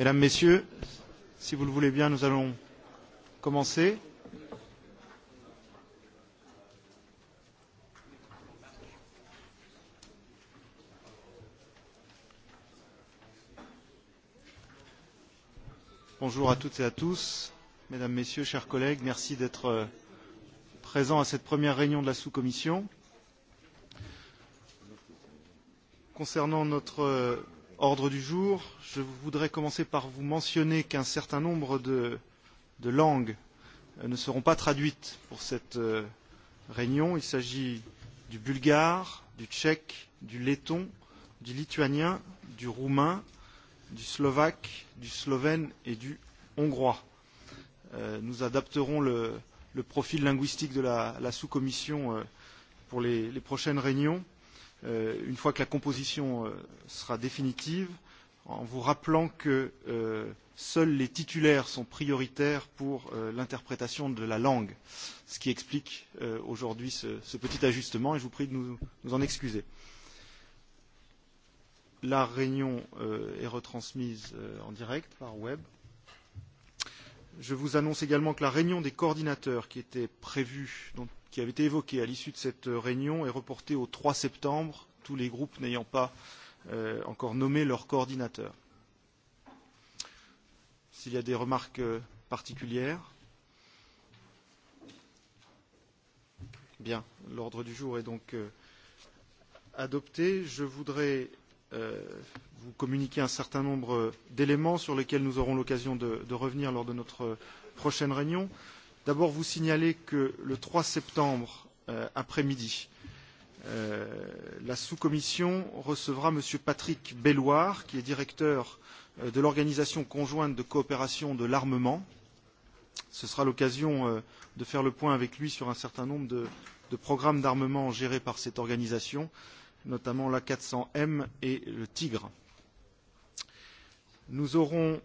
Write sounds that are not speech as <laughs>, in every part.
Mesdames, Messieurs, si vous le voulez bien, nous allons commencer. Bonjour à toutes et à tous, Mesdames, Messieurs, chers collègues, merci d'être euh, présents à cette première réunion de la sous-commission. Concernant notre euh, ordre du jour. Je voudrais commencer par vous mentionner qu'un certain nombre de, de langues euh, ne seront pas traduites pour cette euh, réunion. Il s'agit du bulgare, du tchèque, du letton, du lituanien, du roumain, du slovaque, du slovène et du hongrois. Euh, nous adapterons le, le profil linguistique de la, la sous-commission pour les, les prochaines réunions. Euh, une fois que la composition euh, sera définitive, en vous rappelant que euh, seuls les titulaires sont prioritaires pour l'interprétation de la langue, ce qui explique aujourd'hui ce, ce petit ajustement et je vous prie de nous, nous en excuser. La réunion est retransmise en direct par web. Je vous annonce également que la réunion des coordinateurs qui était prévue, dont qui avait été évoqué à l'issue de cette euh, réunion est reporté au 3 septembre, tous les groupes n'ayant pas euh, encore nommé leur coordinateur. S'il y a des remarques euh, particulières Bien, l'ordre du jour est donc euh, adopté. Je voudrais euh, vous communiquer un certain nombre d'éléments sur lesquels nous aurons l'occasion de, de revenir lors de notre euh, prochaine réunion. Euh, D'abord, vous signaler que le trois septembre euh, après-midi, euh, la sous-commission recevra M. Patrick Belloir, qui est directeur euh, de l'Organisation conjointe de coopération de l'armement. Ce sera l'occasion euh, de faire le point avec lui sur un certain nombre de, de programmes d'armement gérés par cette organisation, notamment l'A400M et le Tigre. Nous aurons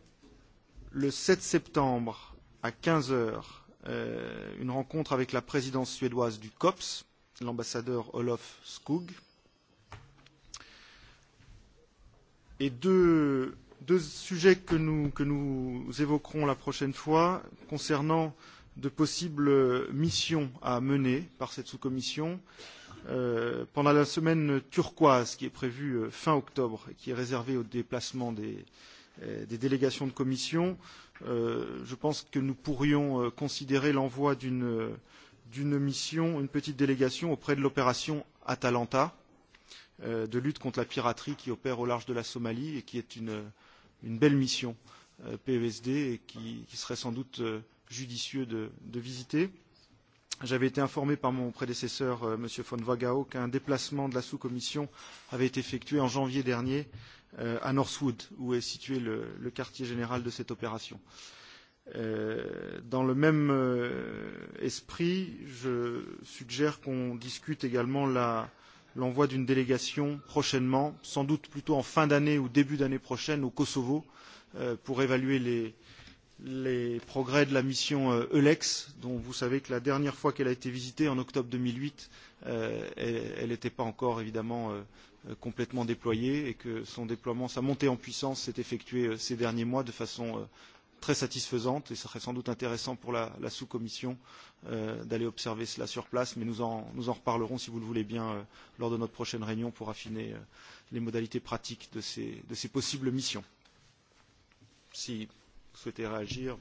le sept septembre à quinze heures Euh, une rencontre avec la présidence suédoise du COPS, l'ambassadeur Olof Skog, et deux, deux sujets que nous, que nous évoquerons la prochaine fois concernant de possibles missions à mener par cette sous-commission euh, pendant la semaine turquoise qui est prévue euh, fin octobre et qui est réservée au déplacement des, euh, des délégations de commission. Euh, Euh, je pense que nous pourrions euh, considérer l'envoi euh, d'une mission, une petite délégation auprès de l'opération Atalanta de lutte contre la piraterie qui opère au large de la Somalie et qui est une, une belle mission PESD et qui, qui serait sans doute judicieux de, de visiter. J'avais été informé par mon prédécesseur, euh, M. von Wagao, qu'un déplacement de la sous-commission avait été effectué en janvier dernier euh, à Northwood, où est situé le, le quartier général de cette opération. Euh, dans le même euh, esprit, je suggère qu'on discute également l'envoi d'une délégation prochainement, sans doute plutôt en fin d'année ou début d'année prochaine au Kosovo, euh, pour évaluer les, les progrès de la mission euh, Eulex, dont vous savez que la dernière fois qu'elle a été visitée, en octobre deux mille huit, euh, elle n'était pas encore évidemment euh, complètement déployée et que son déploiement, sa montée en puissance s'est effectuée ces derniers mois de façon très satisfaisante et ce serait sans doute intéressant pour la, la sous-commission d'aller observer cela sur place, mais nous en, nous en reparlerons si vous le voulez bien lors de notre prochaine réunion pour affiner les modalités pratiques de ces, de ces possibles missions. Si souhaitez réagir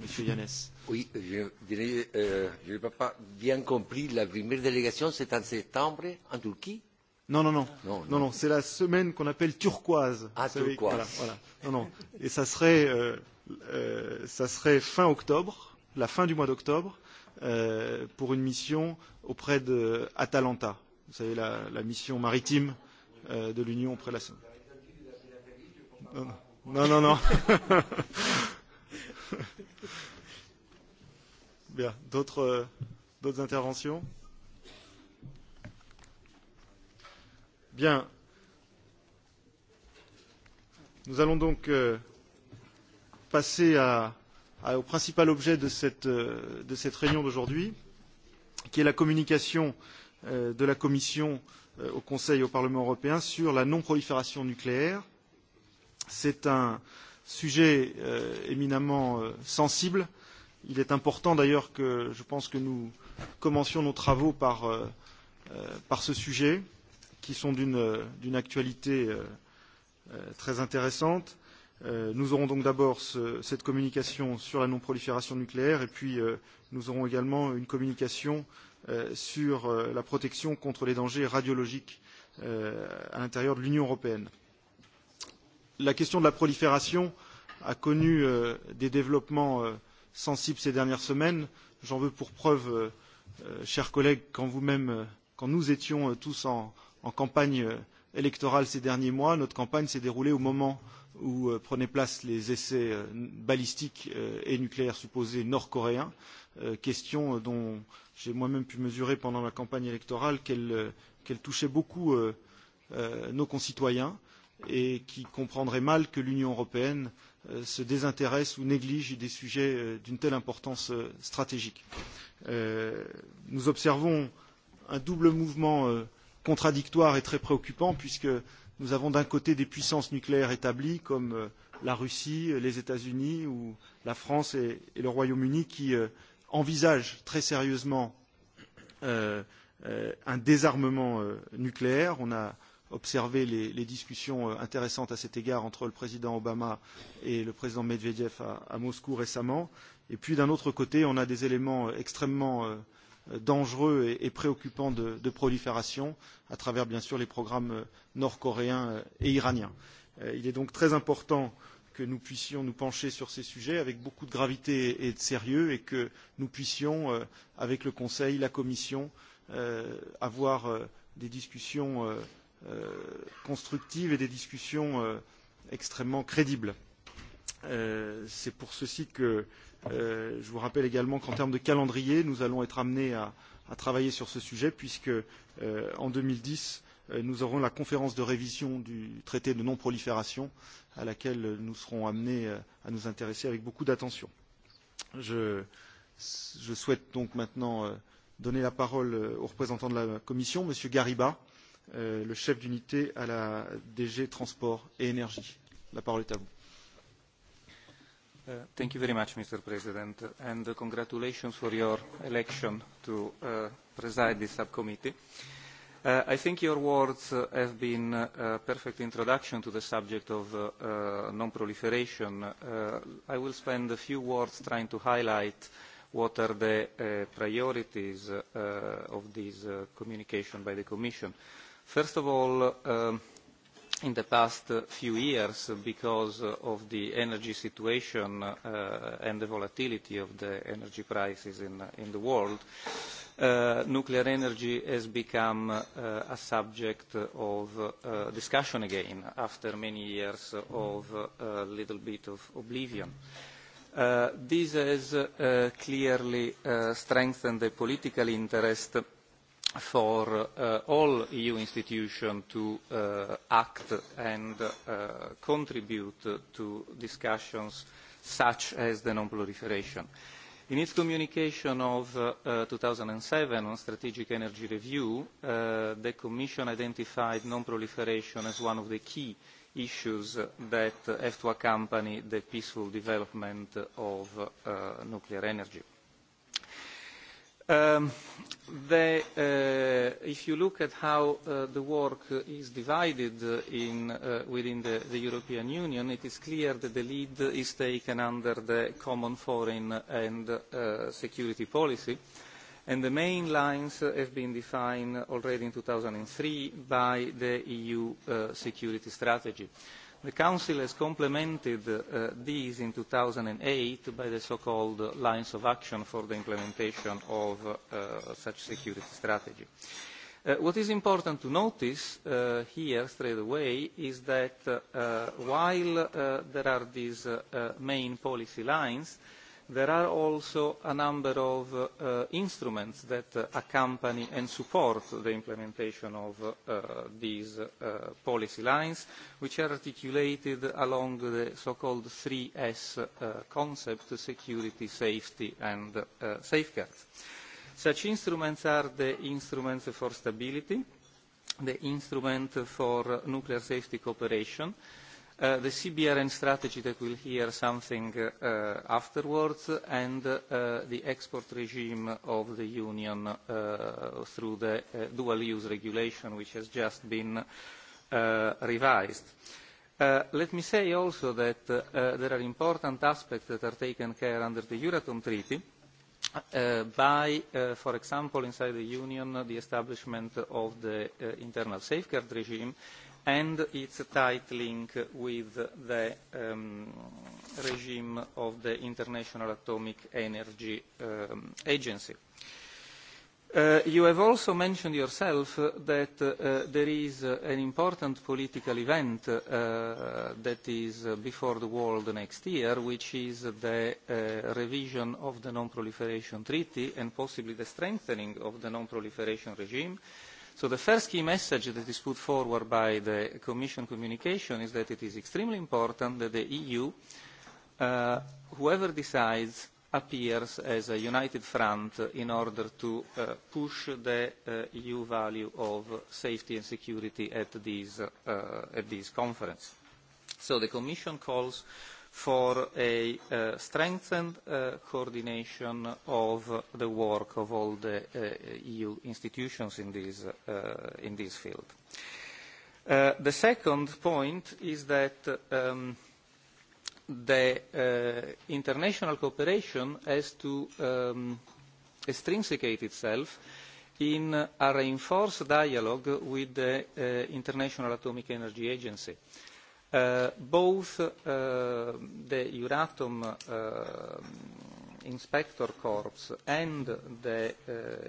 Monsieur Yannès. Oui, je dirais, euh, je n'ai pas bien compris, la première délégation, c'est en septembre, en Turquie non non non. non, non. non, non c'est la semaine qu'on appelle turquoise. Ah, turquoise. savez, Voilà, voilà. Non, non. Et ça serait, euh, euh, ça serait fin octobre, la fin du mois d'octobre, euh, pour une mission auprès d'Atalanta. Vous savez, la, la mission maritime euh, de l'Union auprès de la Somalie. Non, non, non. Bien, d'autres d'autres interventions Bien. Nous allons donc euh, passer à, à, au principal objet de cette, euh, de cette réunion d'aujourd'hui, qui est la communication euh, de la Commission au Conseil et au Parlement européen sur la non-prolifération nucléaire C'est un sujet euh, éminemment euh, sensible. Il est important d'ailleurs que je pense que nous commencions nos travaux par, euh, euh par ce sujet, qui sont d'une euh, actualité euh, très intéressante. Nous aurons donc d'abord ce, cette communication sur la non-prolifération nucléaire et puis nous aurons également une communication sur la protection contre les dangers radiologiques à l'intérieur de l'Union européenne la question de la prolifération a connu euh, des développements euh, sensibles ces dernières semaines. J'en veux pour preuve, euh, euh, chers collègues, quand vous-même, euh, quand nous étions tous en, en campagne électorale ces derniers mois, notre campagne s'est déroulée au moment où prenaient place les essais balistiques et nucléaires supposés nord-coréens, question dont j'ai moi-même pu mesurer pendant la campagne électorale qu'elle qu touchait beaucoup nos concitoyens et qui comprendraient mal que l'Union européenne euh, se désintéresse ou néglige des sujets euh, d'une telle importance euh, stratégique. Nous observons un double mouvement contradictoire et très préoccupant puisque nous avons d'un côté des puissances nucléaires établies comme la Russie, les États-Unis ou la France et, le Royaume-Uni qui envisagent très sérieusement un désarmement nucléaire. On a observé les, les discussions euh, intéressantes à cet égard entre le président Obama et le président Medvedev à, à Moscou récemment. Et puis d'un autre côté, on a des éléments euh, extrêmement euh, dangereux et, et préoccupants de, de prolifération à travers bien sûr les programmes nord-coréens et iraniens. Il est donc très important que nous puissions nous pencher sur ces sujets avec beaucoup de gravité et de sérieux et que nous puissions, avec le Conseil, la Commission, avoir des discussions Euh, constructives et des discussions euh, extrêmement crédibles. Euh, c'est pour ceci que je vous rappelle également qu'en termes de calendrier, nous allons être amenés à, à travailler sur ce sujet puisque euh, en 2010, euh, nous aurons la conférence de révision du traité de non-prolifération à laquelle nous serons amenés euh, à nous intéresser avec beaucoup d'attention. Je, je souhaite donc maintenant euh, donner la parole au représentant de la Commission, M. Gariba, Euh, le chef d'unité à la DG Transport et Énergie. La parole est à vous. Uh, thank you very much, Mr. President, and uh, congratulations for your election to uh, preside this subcommittee. Uh, I think your words uh, have been uh, a perfect introduction to the subject of uh, uh, non-proliferation. Uh, I will spend a few words trying to highlight what are the uh, priorities uh, of this uh, communication by the Commission. Uh, First of all, um, in the past few years, because of the energy situation uh, and the volatility of the energy prices in, the world, uh, nuclear energy has become uh, a subject of discussion again after many years of a little bit of oblivion. this has clearly strengthened the political interest for uh, all EU institutions to uh, act and uh, contribute to discussions such as the non-proliferation. In its communication of uh, 2007 on strategic energy review, uh, the Commission identified non-proliferation as one of the key issues that have to accompany the peaceful development of uh, nuclear energy Um, uh, if you look at how uh, the work is divided uh, within the, European Union, it is clear that the lead is taken under the common foreign and security policy. And the main lines have been defined already in two thousand three by the EU security strategy. The Council has complemented uh, these in two thousand eight by the so-called lines of action for the implementation of uh, such security strategy. Uh, what is important to notice uh, here straight away is that uh, while uh, there are these uh, uh, main policy lines, there are also a number of uh, instruments that uh, accompany and support the implementation of uh, these uh, policy lines, which are articulated along the so-called three S uh, concept, security, safety and uh, safeguards. Such instruments are the instruments for stability, the instrument for nuclear safety cooperation, Uh, the CBRN strategy that we'll hear something uh, afterwards and uh, the export regime of the Union uh, through the uh, dual-use regulation which has just been uh, revised. Uh, let me say also that uh, there are important aspects that are taken care under the Euratom Treaty uh, by, uh, for example, inside the Union, the establishment of the uh, internal safeguard regime, uh, and its tight link with the um, regime of the International Atomic Energy um, Agency. Uh, you have also mentioned yourself that uh, there is uh, an important political event uh, that is uh, before the world next year, which is the revision of the Non-Proliferation Treaty and possibly the strengthening of the non-proliferation regime, so the first key message that is put forward by the Commission communication is that it is extremely important that the EU, uh, whoever decides, appears as a united front in order to uh, push the uh, EU value of safety and security at this, uh, at this conference. So the Commission calls for a uh, strengthened uh, coordination of the work of all the uh, EU institutions in this, uh, in this field. Uh, the second point is that um, the uh, international cooperation has to um, extrinsicate itself in a reinforced dialogue with the International Atomic Energy Agency. Uh, Uh, both uh, the Euratom uh, Inspector Corps and the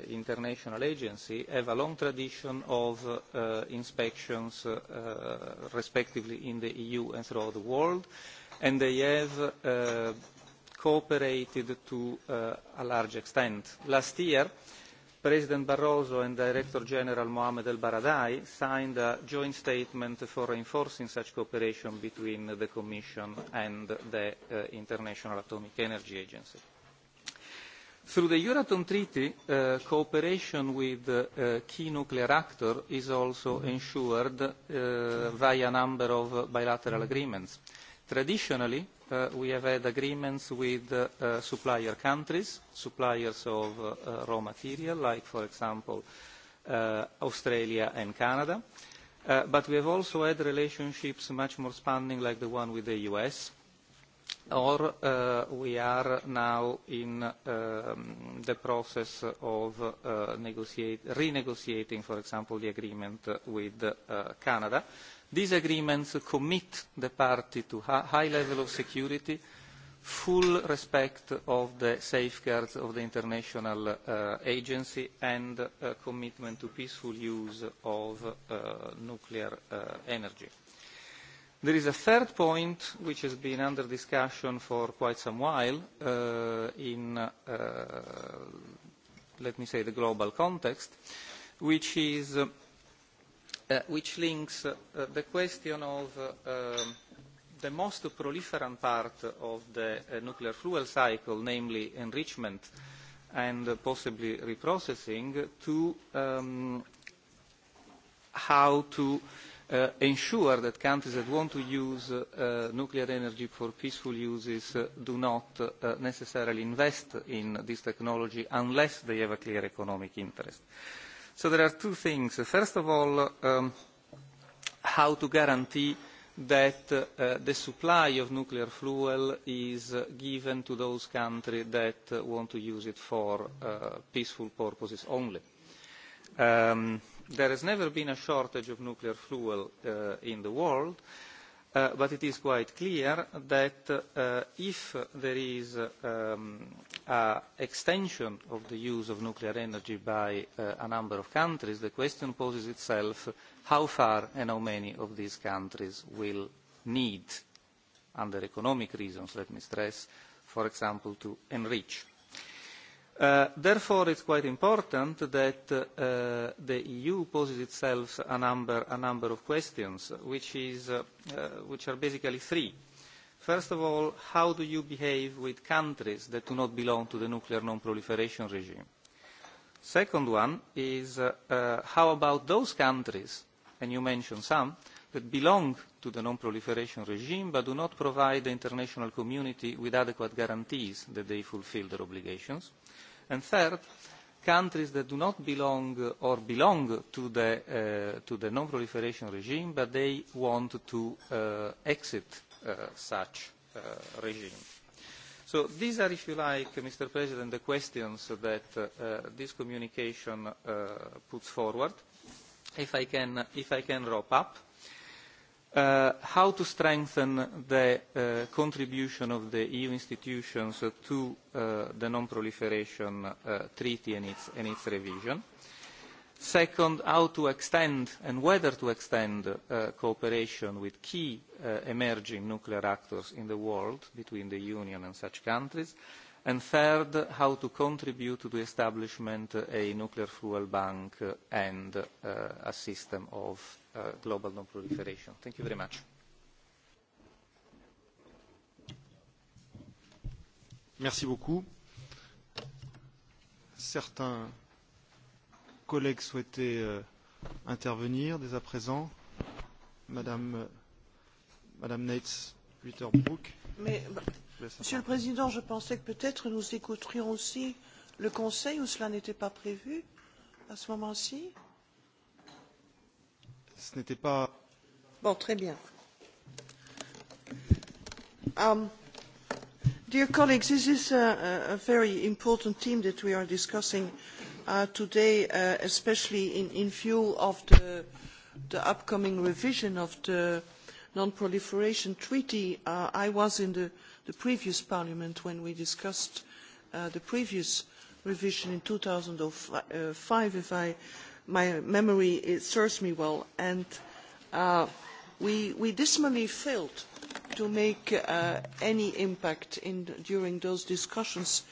International Agency have a long tradition of inspections, respectively, in the EU and throughout the world, and they have cooperated to a large extent. Last year, President Barroso and Director General Mohamed El Baradei signed a joint statement for reinforcing such cooperation between the Commission and the uh, International Atomic Energy Agency. Through the Euratom Treaty, uh, cooperation with the uh, key nuclear actors is also ensured via a number of bilateral agreements. Traditionally, Uh, we have had agreements with uh, supplier countries, suppliers of uh, raw material, like, for example, uh, Australia and Canada. Uh, but we have also had relationships much more spanning, like the one with the US, or uh, we are now in um, the process of uh, renegotiating, for example, the agreement with uh, Canada These agreements commit the party to a high level of security, full respect of the safeguards of the international uh, agency and a commitment to peaceful use of uh, nuclear uh, energy. There is a third point which has been under discussion for quite some while uh, in, uh, let me say, the global context, which is Uh, which links uh, the question of uh, um, the most proliferant part of the uh, nuclear fuel cycle, namely enrichment and uh, possibly reprocessing, to um, how to uh, ensure that countries that want to use uh, nuclear energy for peaceful uses uh, do not uh, necessarily invest in this technology unless they have a clear economic interest. Uh, so there are two things. First of all, um, how to guarantee that uh, the supply of nuclear fuel is given to those countries that uh, want to use it for uh, peaceful purposes only. Um, there has never been a shortage of nuclear fuel in the world. Uh, but it is quite clear that uh, if there is um, an extension of the use of nuclear energy by uh, a number of countries, the question poses itself how far and how many of these countries will need, under economic reasons, let me stress, for example, to enrich Uh, therefore, it is quite important that uh, the EU poses itself a number, of questions, which, uh, which are basically three. First of all, how do you behave with countries that do not belong to the nuclear non-proliferation regime? Second one is, how about those countries, and you mentioned some, that belong to the non-proliferation regime but do not provide the international community with adequate guarantees that they fulfil their obligations? And third, countries that do not belong or belong to the, uh, to the non-proliferation regime, but they want to uh, exit uh, such a regime. So these are, if you like, Mr. President, the questions that this communication puts forward. If I can, if I can wrap up, Uh, how to strengthen the uh, contribution of the EU institutions uh, to the non-proliferation uh, treaty and its, and its, revision. Second, how to extend and whether to extend uh, cooperation with key emerging nuclear actors in the world between the Union and such countries. And third, how to contribute to the establishment of a nuclear fuel bank and a system of Uh, global non-proliferation. Thank you very much. Merci beaucoup. Certains collègues souhaitaient euh, intervenir dès à présent. Madame, euh, Madame Nates, Witterbrook. Mais, bah, Monsieur le Président, je pensais que peut-être nous écouterions aussi le Conseil où cela n'était pas prévu à ce moment-ci. Euh, ce n'était pas. très bien. Um, dear colleagues, this is a, very important theme that we are discussing uh, today, uh, especially in, view of the, upcoming revision of the non-proliferation treaty. Uh, I was in the, previous parliament when we discussed the previous revision in two thousand five if I my memory it serves me well, and uh, we, we dismally failed to make uh, any impact in, during those discussions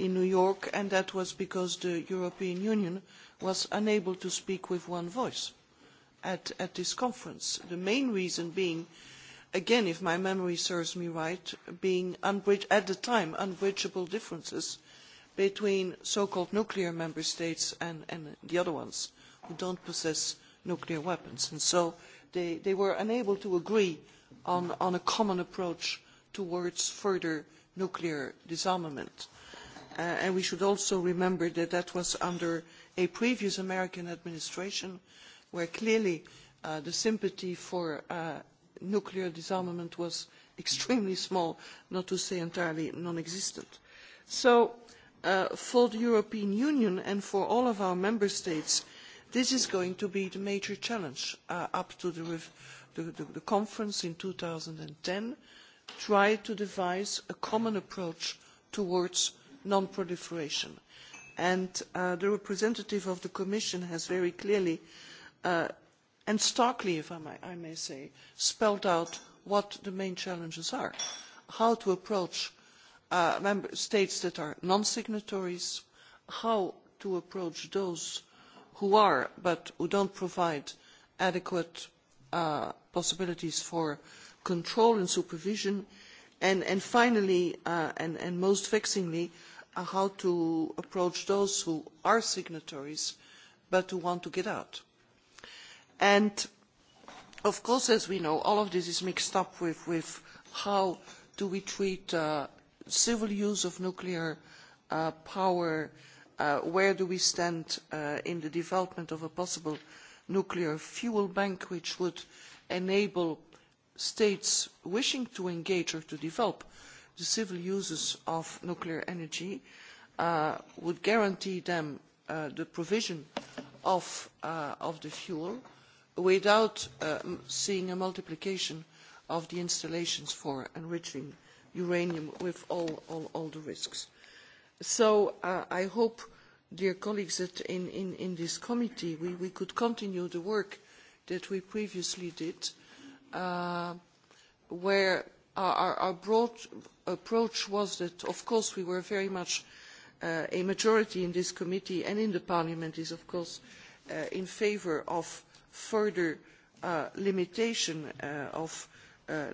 in New York, and that was because the European Union was unable to speak with one voice at, at this conference. The main reason being, again, if my memory serves me right, being at the time unbridgeable differences between so-called nuclear member states and, and the other ones who don't possess nuclear weapons. And so they, they were unable to agree on, on a common approach towards further nuclear disarmament. Uh, and we should also remember that that was under a previous American administration where clearly uh, the sympathy for uh, nuclear disarmament was extremely small, not to say entirely non-existent. So uh, for the European Union and for all of our member states, This is going to be the major challenge uh, up to the, the, the, the conference in ten try to devise a common approach towards non-proliferation. And uh, the representative of the Commission has very clearly uh, and starkly, if I may, I may say, spelled out what the main challenges are, how to approach uh, member states that are non-signatories, how to approach those who are but who do not provide adequate uh, possibilities for control and supervision and, and finally uh, and, and most vexingly uh, how to approach those who are signatories but who want to get out. And of course as we know all of this is mixed up with, with how do we treat uh, civil use of nuclear uh, power uh, Uh, where do we stand uh, in the development of a possible nuclear fuel bank which would enable states wishing to engage or to develop the civil uses of nuclear energy uh, would guarantee them uh, the provision of, uh, of, the fuel without seeing a multiplication of the installations for enriching uranium with all, all, all the risks. So uh, I hope, dear colleagues, that in, in, in this committee we, we could continue the work that we previously did, uh, where our, our broad approach was that, of course, we were very much uh, a majority in this committee and in the parliament is, of course, uh, in favour of further uh, limitation uh, of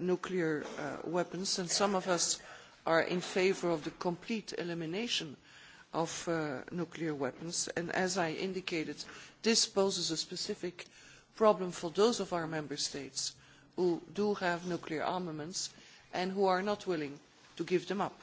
nuclear weapons, and some of us are in favour of the complete elimination of uh, nuclear weapons. And as I indicated, this poses a specific problem for those of our member states who do have nuclear armaments and who are not willing to give them up.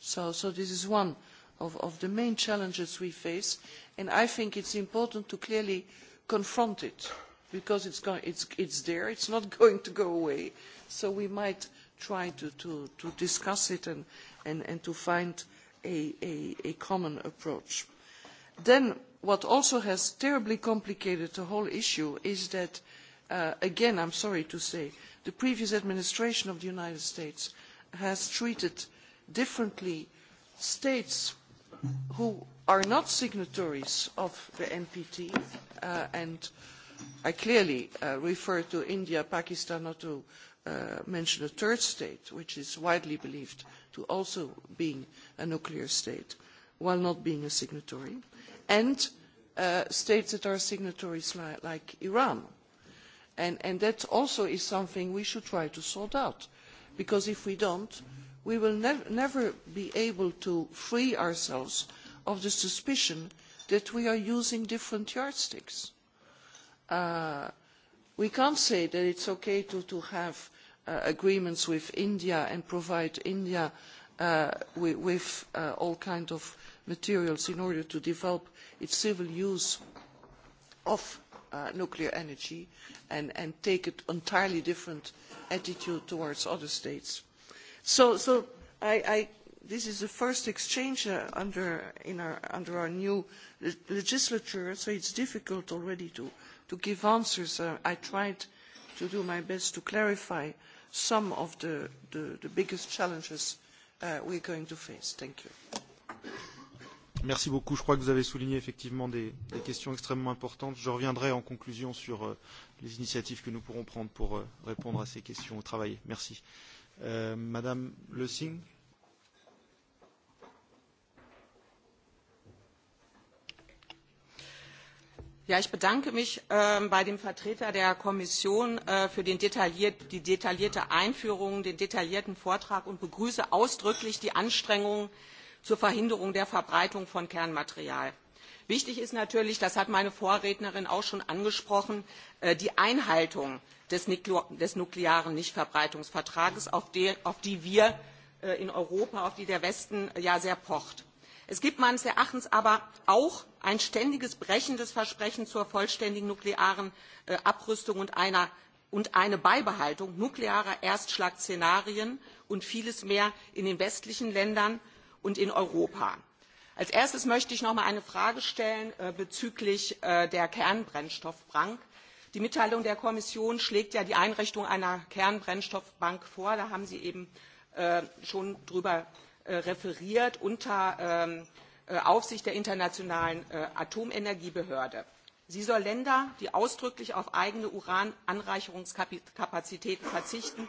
So, so this is one of, of the main challenges we face, and I think it is important to clearly confront it because it's, go it's, it's there, it's not <laughs> going to go away, so we might try to, to, to discuss it and, and, and to find a, a, a common approach. Then what also has terribly complicated the whole issue is that uh, again i am sorry to say the previous administration of the united states has treated differently states who are not signatories of the npt uh, and i clearly uh, refer to india pakistan or to Uh, mention a third state, which is widely believed to also be a nuclear state, while not being a signatory, and uh, states that are signatories li like Iran. And, and that also is something we should try to sort out, because if we don't, we will nev never be able to free ourselves of the suspicion that we are using different yardsticks. Uh, we cannot say that it is okay to, have uh, agreements with india and provide india uh, with, uh, all kinds of materials in order to develop its civil use of nuclear energy and, take an entirely different attitude towards other states. so, this is the first exchange under, our, under our new legislature so it is difficult already to to give answers. Uh, I tried to do my best to clarify some of the, the, the biggest challenges uh, we're going to face. Thank you. Merci beaucoup. Je crois que vous avez souligné effectivement des, des questions extrêmement importantes. Je reviendrai en conclusion sur euh, les initiatives que nous pourrons prendre pour euh, répondre à ces questions au travail. Merci. Euh, Madame Le Singh ich bedanke mich ähm, bei dem Vertreter der Kommission äh, für die detaillierte Einführung, den detaillierten Vortrag und begrüße ausdrücklich die Anstrengungen zur Verhinderung der Verbreitung von Kernmaterial. Wichtig ist natürlich, das hat meine Vorrednerin auch schon angesprochen, äh, die Einhaltung des, nuklearen Nichtverbreitungsvertrags, auf, die wir äh, in Europa, auf die der Westen ja sehr pocht es gibt meines erachtens aber auch ein ständiges brechen des versprechens zur vollständigen nuklearen äh, abrüstung und, einer, und eine beibehaltung nuklearer erstschlagszenarien und vieles mehr in den westlichen ländern und in europa. als erstes möchte ich noch einmal eine frage stellen äh, bezüglich äh, der kernbrennstoffbank. die mitteilung der kommission schlägt ja die einrichtung einer kernbrennstoffbank vor da haben sie eben äh, schon darüber Äh, referiert unter ähm, äh, Aufsicht der Internationalen äh, Atomenergiebehörde. Sie soll Länder, die ausdrücklich auf eigene Urananreicherungskapazitäten verzichten,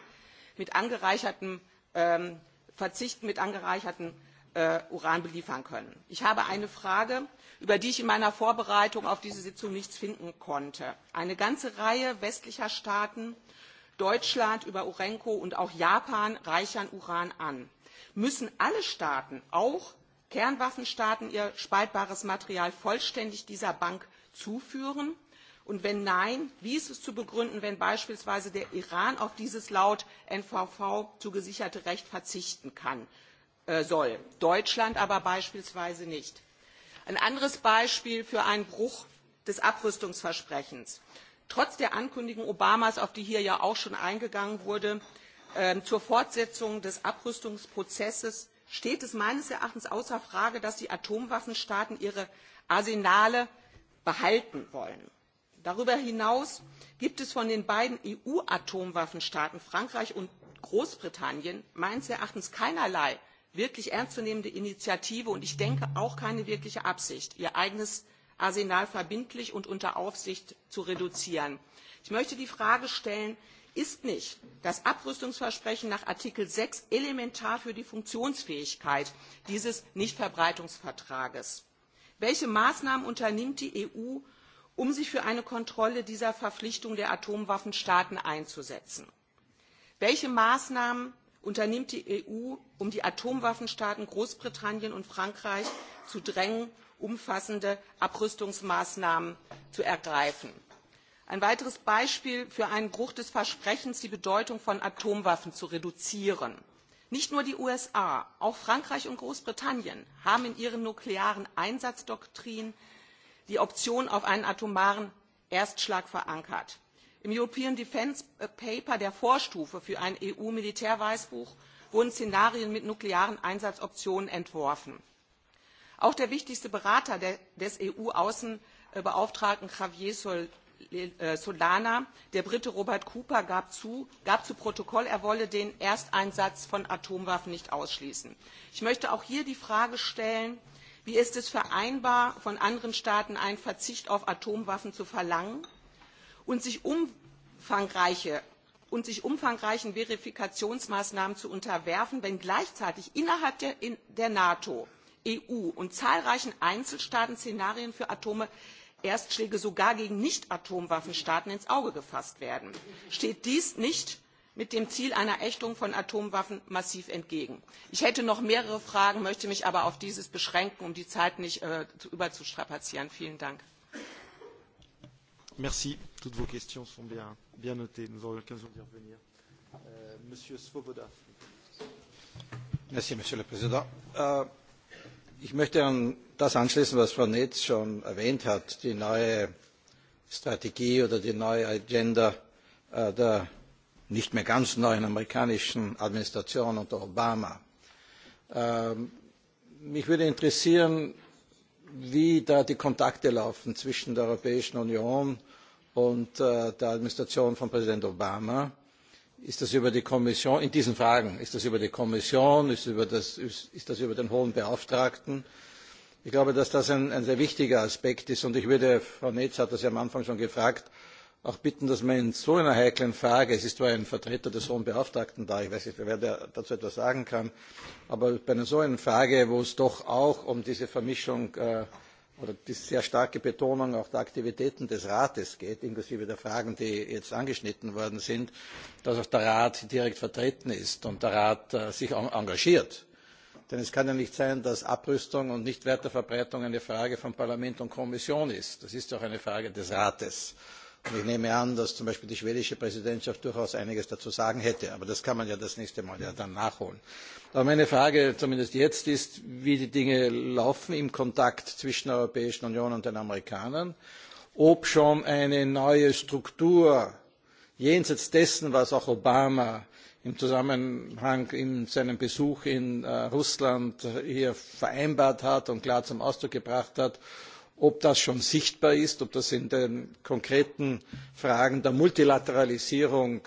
mit angereichertem, ähm, verzichten, mit angereichertem äh, Uran beliefern können. Ich habe eine Frage, über die ich in meiner Vorbereitung auf diese Sitzung nichts finden konnte. Eine ganze Reihe westlicher Staaten, Deutschland über Urenco und auch Japan reichern Uran an müssen alle Staaten, auch Kernwaffenstaaten, ihr spaltbares Material vollständig dieser Bank zuführen? Und wenn nein, wie ist es zu begründen, wenn beispielsweise der Iran auf dieses laut NVV zugesicherte Recht verzichten kann, äh, soll? Deutschland aber beispielsweise nicht. Ein anderes Beispiel für einen Bruch des Abrüstungsversprechens. Trotz der Ankündigung Obamas, auf die hier ja auch schon eingegangen wurde, Ähm, zur fortsetzung des abrüstungsprozesses steht es meines erachtens außer frage dass die atomwaffenstaaten ihre arsenale behalten wollen. darüber hinaus gibt es von den beiden eu atomwaffenstaaten frankreich und großbritannien meines erachtens keinerlei wirklich ernstzunehmende initiative und ich denke auch keine wirkliche absicht ihr eigenes arsenal verbindlich und unter aufsicht zu reduzieren. ich möchte die frage stellen ist nicht das abrüstungsversprechen nach artikel sechs elementar für die funktionsfähigkeit dieses nichtverbreitungsvertrages? welche maßnahmen unternimmt die eu um sich für eine kontrolle dieser verpflichtung der atomwaffenstaaten einzusetzen? welche maßnahmen unternimmt die eu um die atomwaffenstaaten großbritannien und frankreich zu drängen umfassende abrüstungsmaßnahmen zu ergreifen? ein weiteres beispiel für einen bruch des versprechens die bedeutung von atomwaffen zu reduzieren nicht nur die usa auch frankreich und großbritannien haben in ihren nuklearen einsatzdoktrinen die option auf einen atomaren erstschlag verankert. im european defence paper der vorstufe für ein eu militärweißbuch wurden szenarien mit nuklearen einsatzoptionen entworfen. auch der wichtigste berater des eu außenbeauftragten javier Äh, Solana, der Brite Robert Cooper, gab zu, gab zu Protokoll, er wolle den Ersteinsatz von Atomwaffen nicht ausschließen. Ich möchte auch hier die Frage stellen, wie ist es vereinbar, von anderen Staaten einen Verzicht auf Atomwaffen zu verlangen und sich, umfangreiche, und sich umfangreichen Verifikationsmaßnahmen zu unterwerfen, wenn gleichzeitig innerhalb der, in der NATO, EU und zahlreichen Einzelstaaten Szenarien für Atome erstschläge sogar gegen Nichtatomwaffenstaaten ins auge gefasst werden steht dies nicht mit dem ziel einer ächtung von atomwaffen massiv entgegen? ich hätte noch mehrere fragen möchte mich aber auf dieses beschränken um die zeit nicht äh, überzustrapazieren. vielen dank. Ich möchte an das anschließen, was Frau Netz schon erwähnt hat, die neue Strategie oder die neue Agenda äh, der nicht mehr ganz neuen amerikanischen Administration unter Obama. Ähm, mich würde interessieren, wie da die Kontakte laufen zwischen der Europäischen Union und äh, der Administration von Präsident Obama ist das über die kommission in diesen fragen ist das über die kommission ist das, ist, ist das über den hohen beauftragten? ich glaube dass das ein, ein sehr wichtiger aspekt ist und ich würde frau neyts hat das ja am anfang schon gefragt auch bitten dass man in so einer heiklen frage es ist zwar ein vertreter des hohen beauftragten da ich weiß nicht wer dazu etwas sagen kann aber bei einer so einer frage wo es doch auch um diese vermischung äh, oder die sehr starke Betonung auf die Aktivitäten des Rates geht, inklusive der Fragen, die jetzt angeschnitten worden sind, dass auch der Rat direkt vertreten ist und der Rat äh, sich engagiert. Denn es kann ja nicht sein, dass Abrüstung und Nichtweiterverbreitung eine Frage von Parlament und Kommission ist. Das ist doch eine Frage des Rates. Und ich nehme an, dass zum Beispiel die schwedische Präsidentschaft durchaus einiges dazu sagen hätte. Aber das kann man ja das nächste Mal ja dann nachholen. Aber meine Frage, zumindest jetzt, ist, wie die Dinge laufen im Kontakt zwischen der Europäischen Union und den Amerikanern. Ob schon eine neue Struktur jenseits dessen, was auch Obama im Zusammenhang in seinem Besuch in äh, Russland hier vereinbart hat und klar zum Ausdruck gebracht hat, ob das schon sichtbar ist, ob das in den konkreten Fragen der Multilateralisierung,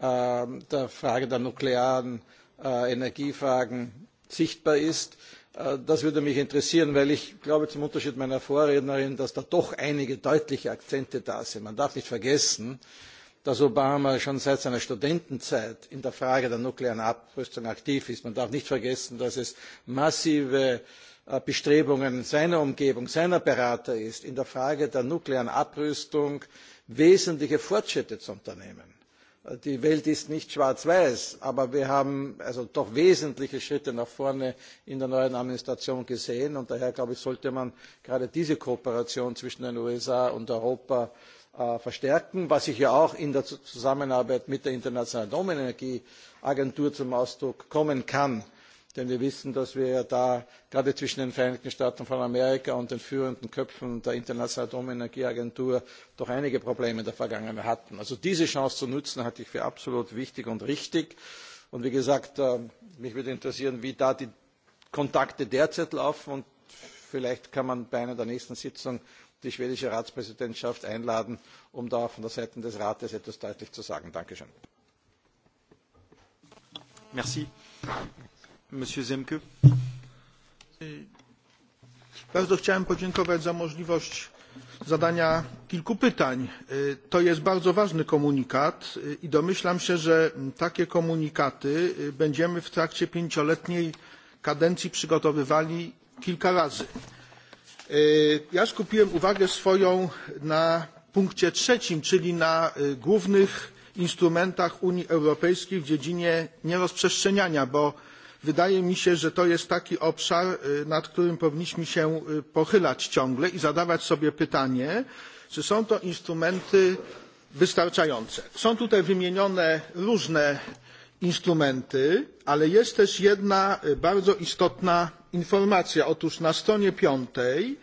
ähm, der Frage der nuklearen äh, Energiefragen sichtbar ist. Äh, das würde mich interessieren, weil ich glaube, zum Unterschied meiner Vorrednerin, dass da doch einige deutliche Akzente da sind. Man darf nicht vergessen, dass Obama schon seit seiner Studentenzeit in der Frage der nuklearen Abrüstung aktiv ist. Man darf nicht vergessen, dass es massive Äh, bestrebungen seiner umgebung seiner berater ist in der frage der nuklearen abrüstung wesentliche fortschritte zu unternehmen. Äh, die welt ist nicht schwarz weiß aber wir haben doch wesentliche schritte nach vorne in der neuen administration gesehen und daher sollte man gerade diese kooperation zwischen den usa und europa äh, verstärken was ich ja auch in der zusammenarbeit mit der internationalen atomenergieagentur zum ausdruck kommen kann denn wir wissen dass wir ja da gerade zwischen den vereinigten staaten von amerika und den führenden köpfen der internationalen atomenergieagentur doch einige probleme in der vergangenheit hatten. also diese chance zu nutzen halte ich für absolut wichtig und richtig. und wie gesagt äh, mich würde interessieren wie da die kontakte derzeit laufen und vielleicht kann man bei einer der nächsten sitzungen die schwedische ratspräsidentschaft einladen um da von der Seite des rates etwas deutlich zu sagen. danke schön. Bardzo chciałem podziękować za możliwość zadania kilku pytań. To jest bardzo ważny komunikat i domyślam się, że takie komunikaty będziemy w trakcie pięcioletniej kadencji przygotowywali kilka razy. Ja skupiłem uwagę swoją na punkcie trzecim, czyli na głównych instrumentach Unii Europejskiej w dziedzinie nierozprzestrzeniania, bo wydaje mi się że to jest taki obszar nad którym powinniśmy się pochylać ciągle i zadawać sobie pytanie czy są to instrumenty wystarczające. są tutaj wymienione różne instrumenty ale jest też jedna bardzo istotna informacja otóż na stronie piątej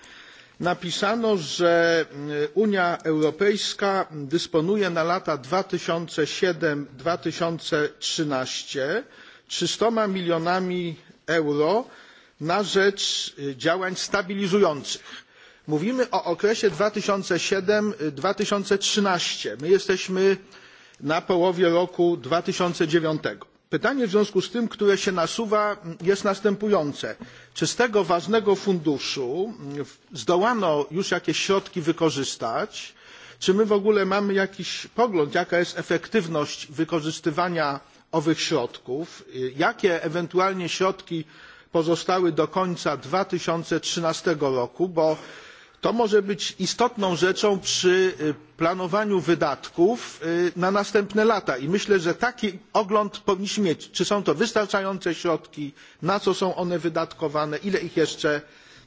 napisano że unia europejska dysponuje na lata dwa tysiące siedem dwa tysiące trzynaście trzysta milionami euro na rzecz działań stabilizujących. mówimy o okresie dwa tysiące siedem dwa tysiące trzynaście my jesteśmy na połowie roku. dwa tysiące dziewięć pytanie w związku z tym które się nasuwa mm, jest następujące czy z tego ważnego funduszu mm, zdołano już jakieś środki wykorzystać czy my w ogóle mamy jakiś pogląd jaka jest efektywność wykorzystywania owych środków jakie ewentualnie środki pozostały do końca dwa tysiące trzynaście roku bo to może być istotną rzeczą przy planowaniu wydatków na następne lata i myślę że taki ogląd powinniśmy mieć czy są to wystarczające środki na co są one wydatkowane ile ich jeszcze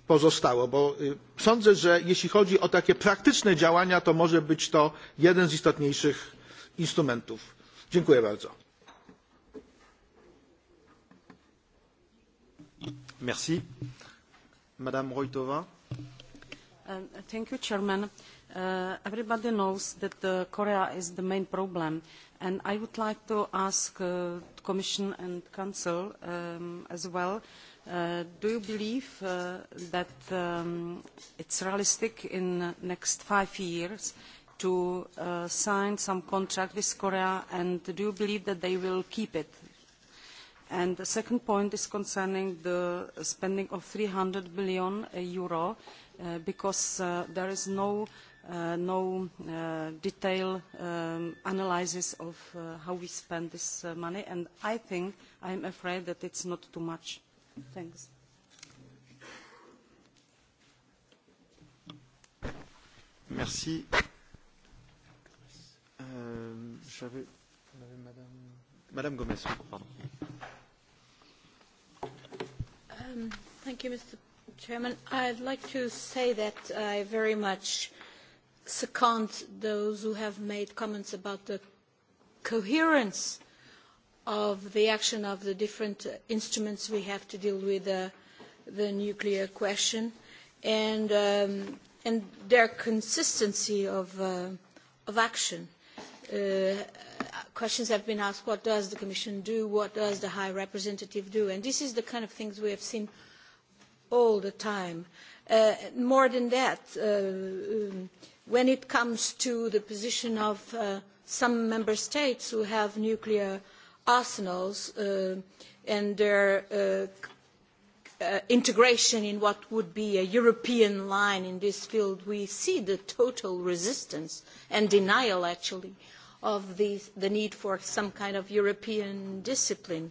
pozostało bo sądzę że jeśli chodzi o takie praktyczne działania to może być to jeden z istotniejszych instrumentów. dziękuję bardzo. Merci. Madame um, thank you, Chairman. Uh, everybody knows that uh, Korea is the main problem, and I would like to ask uh, the Commission and Council um, as well, uh, do you believe uh, that um, it's realistic in the next five years to uh, sign some contract with Korea, and do you believe that they will keep it, And the second point is concerning the spending of 300 billion uh, euro, uh, because uh, there is no, uh, no uh, detailed um, analysis of uh, how we spend this uh, money, and I think, I'm afraid that it's not too much. Thanks. Merci. Euh, Madame... Madame Gomez, pardon. Um, thank you, Mr. Chairman. I'd like to say that I very much second those who have made comments about the coherence of the action of the different instruments we have to deal with the, the nuclear question and, um, and their consistency of, uh, of action. Uh, questions have been asked, what does the Commission do, what does the High Representative do? And this is the kind of things we have seen all the time. Uh, more than that, uh, um, when it comes to the position of uh, some member states who have nuclear arsenals uh, and their uh, uh, integration in what would be a European line in this field, we see the total resistance and denial, actually, uh, of the, the need for some kind of European discipline.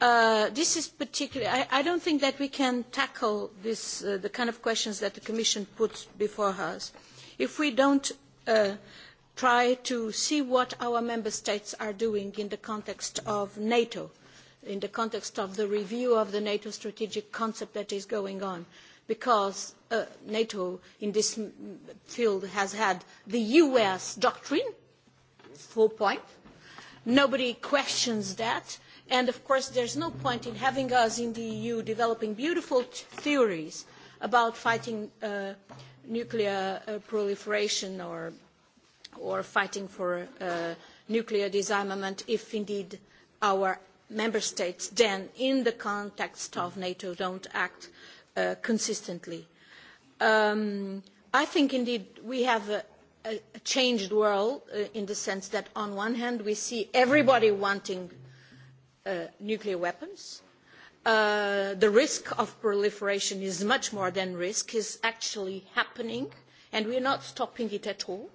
Uh, this is particularly, I, I don't think that we can tackle this, uh, the kind of questions that the Commission puts before us if we don't uh, try to see what our member states are doing in the context of NATO, in the context of the review of the NATO strategic concept that is going on, because uh, NATO in this field has had the US doctrine, full point. Nobody questions that. And of course, there is no point in having us in the EU developing beautiful theories about fighting uh, nuclear uh, proliferation or, or, fighting for uh, nuclear disarmament if indeed our member states then in the context of NATO do not act uh, consistently. Um, I think indeed we have a, a changed world uh, in the sense that on one hand we see everybody wanting uh, nuclear weapons. Uh, the risk of proliferation is much more than risk, is actually happening, and we are not stopping it at all.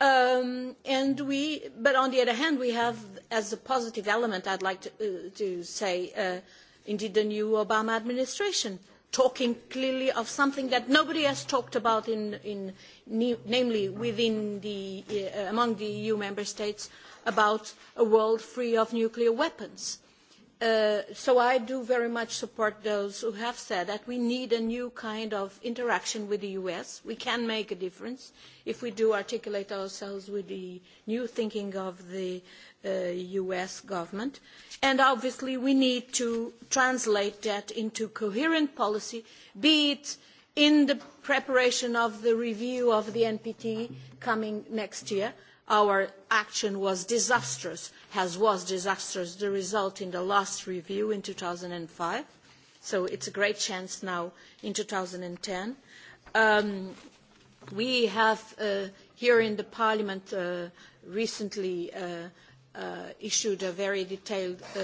Um, and we, but on the other hand, we have, as a positive element, I'd like to, uh, to say, uh, indeed, the new Obama administration uh, talking clearly of something that nobody has talked about, in, in, namely within the, uh, among the EU member states, about a world free of nuclear weapons Uh, so I do very much support those who have said that we need a new kind of interaction with the US. We can make a difference if we do articulate ourselves with the new thinking of the uh, US government. And obviously we need to translate that into coherent policy, be it in the preparation of the review of the NPT coming next year, our action was disastrous, has was disastrous, the result in the last review in two thousand five. So it is a great chance now in 2010. ten. Um, we have uh, here in Parliament uh, recently uh, uh, issued a very detailed uh,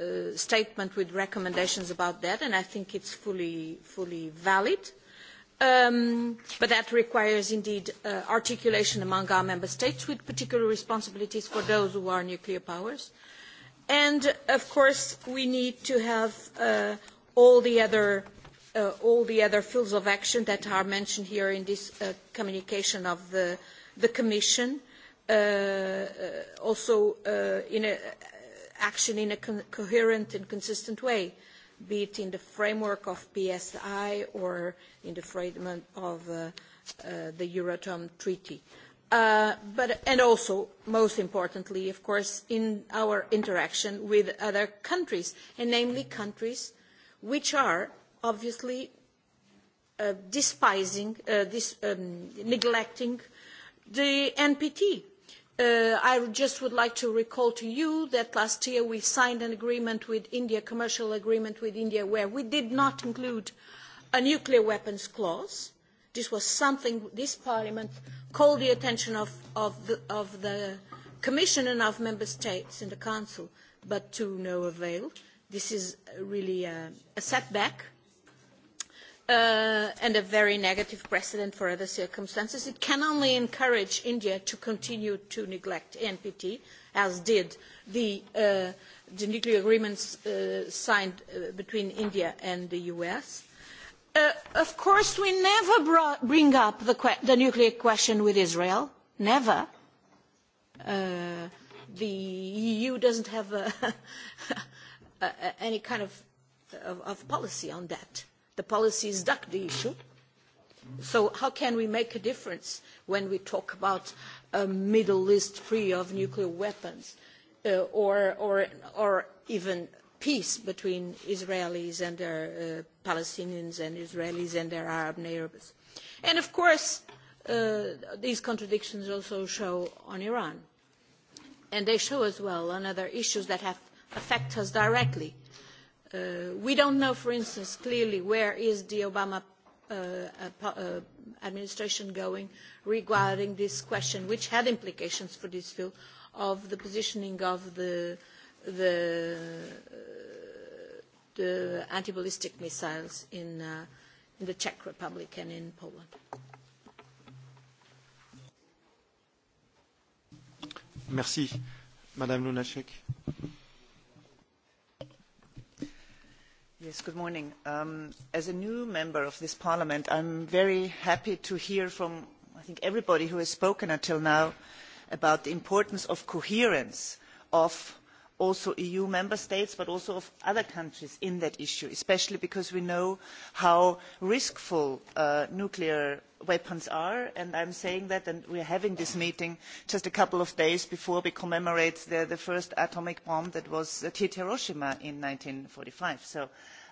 uh, statement with recommendations about that, and I think it is fully, fully valid Um, but that requires indeed uh, articulation among our member states with particular responsibilities for those who are nuclear powers. And of course, we need to have uh, all, the other, uh, all the other fields of action that are mentioned here in this uh, communication of the, the Commission, uh, uh, also in a, action in a co coherent and consistent way be it in the framework of PSI or in the framework of uh, uh, the Euratom Treaty. Uh, but, and also, most importantly, of course, in our interaction with other countries, and namely countries which are obviously uh, despising, uh, dis, um, neglecting the NPT i uh, I just would like to recall to you that last year we signed an agreement with India, commercial agreement with India, where we did not include a nuclear weapons clause. This was something this Parliament called the attention of, of, the, of the Commission and of Member States and the Council, but to no avail. This is really a, a setback uh, and a very negative precedent for other circumstances. It can only encourage India to continue to neglect NPT, as did the, uh, the nuclear agreements uh, signed uh, between India and the US. Uh, of course, we never brought, bring up the, the, nuclear question with Israel. Never. Uh, the EU doesn't have <laughs> a, any kind of, of, of policy on that the policies duck the issue. So how can we make a difference when we talk about a Middle East free of nuclear weapons uh, or, or, or, even peace between Israelis and their uh, Palestinians and Israelis and their Arab neighbours? And of course, uh, these contradictions also show on Iran. And they show as well on other issues that have, affect us directly Uh, we don't know, for instance, clearly where is the Obama administration uh, uh, is administration going regarding this question, which had implications for this field of the positioning of the, the, the anti-ballistic missiles in, in the Czech Republic and in Poland. Merci, Madame Lunacek. Yes, good morning. Um, as a new member of this parliament, I'm very happy to hear from, I think, everybody who has spoken until now about the importance of coherence of also eu member states but also of other countries in that issue especially because we know how risky uh, nuclear weapons are and i am saying that and we are having this meeting just a couple of days before we commemorate the, the first atomic bomb that was at hiroshima in one thousand nine hundred and forty five so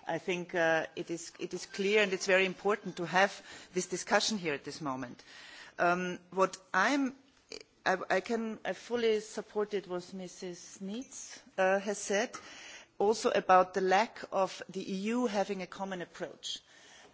i think uh, it, is, it is clear and it is very important to have this discussion here at this moment. Um, what i am i, I can I fully support what Mrs. Neitz uh, has said, also about the lack of the EU having a common approach.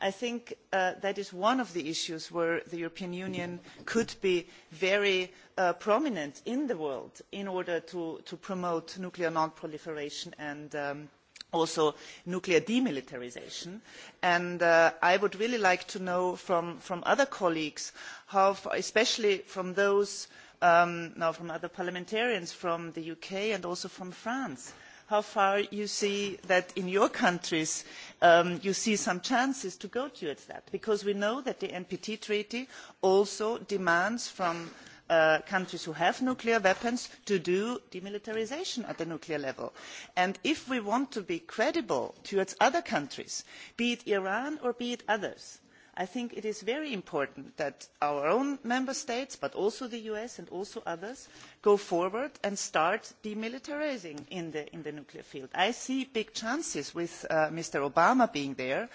I think uh, that is one of the issues where the European Union could be very uh, prominent in the world in order to, to promote nuclear non-proliferation and um, also nuclear demilitarisation and uh, i would really like to know from, from other colleagues how, especially from those um, now from other parliamentarians from the uk and also from france how far you see that in your countries um, you see some chances to go towards that because we know that the npt treaty also demands from Uh, countries who have nuclear weapons to do demilitarisation at the nuclear level. And if we want to be credible towards other countries, be it Iran or be it others, i think it is very important that our own member states but also the us and also others go forward and start demilitarising in the, in the nuclear field. i see big chances with uh, mr obama being there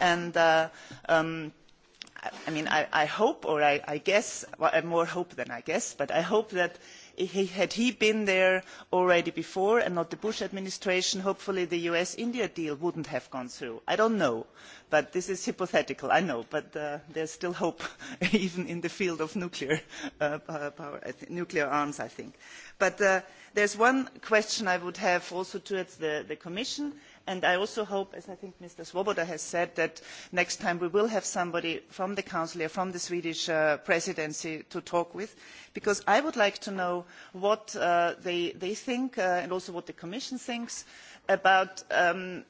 and uh, um, I, mean I, i hope or i, I guess well, more hope than i guess but i hope that he, had he been there already before and not the bush administration hopefully the us india deal would not have gone through. i do not know but this is hypothetical i know but uh, there is still hope <laughs> even in the field of nuclear, uh, power, nuclear arms i think. but uh, there is one question i would have also towards the, the commission and and i also hope as i think mr swoboda has said that next time we will have somebody from the council or from the swedish uh, presidency to talk with because i would like to know what uh, they, think uh, and also what the commission thinks about um,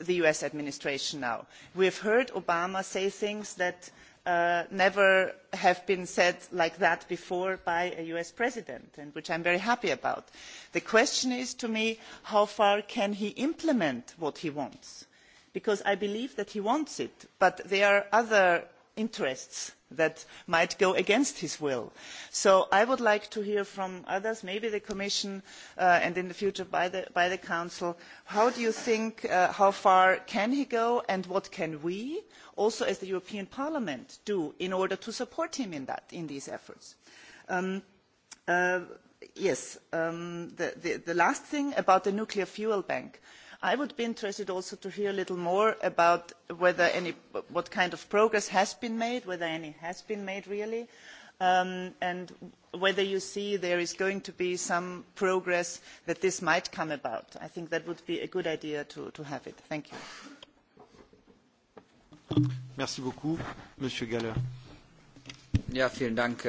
the us administration now. we have heard obama say things that Uh, never have been said like that before by a us president and which i am very happy about. the question is to me how far can he implement what he wants because i believe that he wants it but there are other interests that might go against his will. so i would like to hear from others maybe the commission uh, and in the future by the, council how do you think uh, how far can he go and what can we also as the european parliament do in order to support him in, that, in these efforts? Um, uh, yes um, the last thing about the nuclear fuel bank i would be interested also to hear a little more about whether any, what kind of progress has been made whether any has been made really um, and whether you see there is going to be some progress that this might come about. i think that would be a good idea to, have it. thank you. Äh, Herr vielen Dank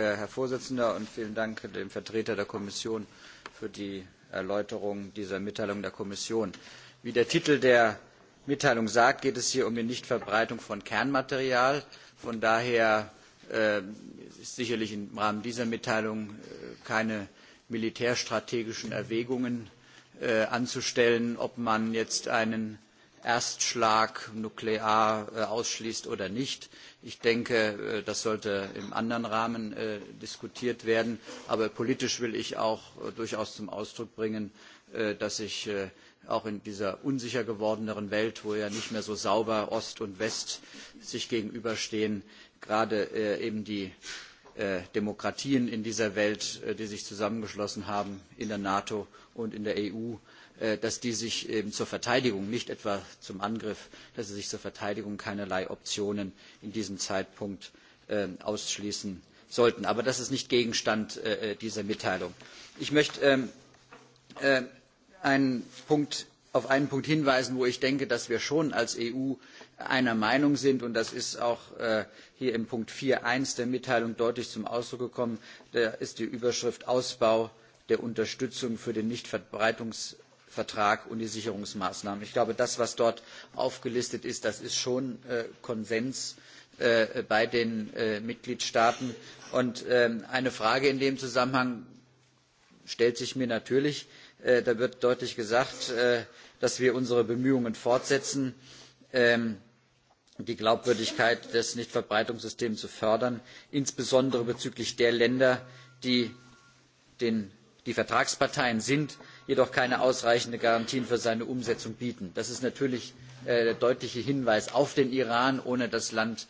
dem Vertreter der Kommission für die Erläuterung dieser Mitteilung der Kommission wie der titel der mitteilung sagt geht es hier um die nichtverbreitung von kernmaterial. von daher äh, sind sicherlich im rahmen dieser mitteilung äh, keine militärstrategischen erwägungen äh, anzustellen ob man jetzt einen erstschlag nuklear ausschließt oder nicht. ich denke das sollte im anderen rahmen diskutiert werden. aber politisch will ich auch durchaus zum ausdruck bringen dass ich auch in dieser unsicher gewordenen Welt, wo ja nicht mehr so sauber Ost und West sich gegenüberstehen, gerade äh, eben die äh, Demokratien in dieser Welt, äh, die sich zusammengeschlossen haben in der NATO und in der EU, äh, dass die sich eben zur Verteidigung, nicht etwa zum Angriff, dass sie sich zur Verteidigung keinerlei Optionen in diesem Zeitpunkt äh, ausschließen sollten. Aber das ist nicht Gegenstand äh, dieser Mitteilung. Ich möchte ähm, einen Punkt, auf einen Punkt hinweisen, wo ich denke, dass wir schon als EU einer Meinung sind, und das ist auch äh, hier in Punkt 4.1 der Mitteilung deutlich zum Ausdruck gekommen, da ist die Überschrift Ausbau der Unterstützung für den Nichtverbreitungsvertrag und die Sicherungsmaßnahmen. Ich glaube, das, was dort aufgelistet ist, das ist schon äh, Konsens äh, bei den äh, Mitgliedstaaten. Und ähm, eine Frage in dem Zusammenhang stellt sich mir natürlich, Äh, da wird deutlich gesagt äh, dass wir unsere bemühungen fortsetzen ähm, die glaubwürdigkeit des nichtverbreitungssystems zu fördern insbesondere bezüglich der länder die die vertragsparteien sind jedoch keine ausreichenden garantien für seine umsetzung bieten. das ist natürlich äh, der deutliche hinweis auf den iran ohne das land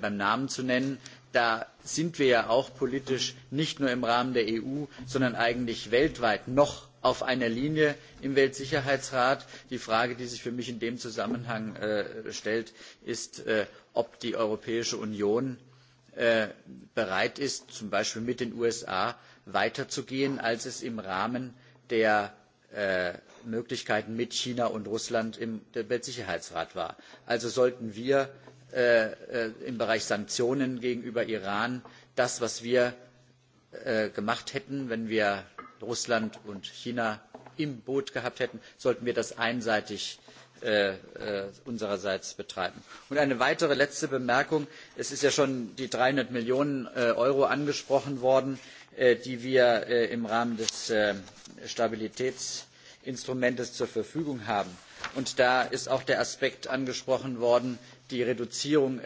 beim namen zu nennen da sind wir ja auch politisch nicht nur im rahmen der eu sondern eigentlich weltweit noch auf einer linie im weltsicherheitsrat. die frage die sich für mich in dem zusammenhang äh, stellt ist äh, ob die europäische union äh, bereit ist zum beispiel mit den usa weiterzugehen als es im rahmen der möglichkeiten mit china und russland im weltsicherheitsrat war. also sollten wir im bereich sanktionen gegenüber iran das was wir gemacht hätten wenn wir russland und china im boot gehabt hätten sollten wir das einseitig äh, äh, unsererseits betreiben. Und eine weitere letzte bemerkung es sind ja schon die dreihundert millionen äh, euro angesprochen worden die wir im rahmen des stabilitätsinstruments zur verfügung haben. und da ist auch der aspekt angesprochen worden die reduzierung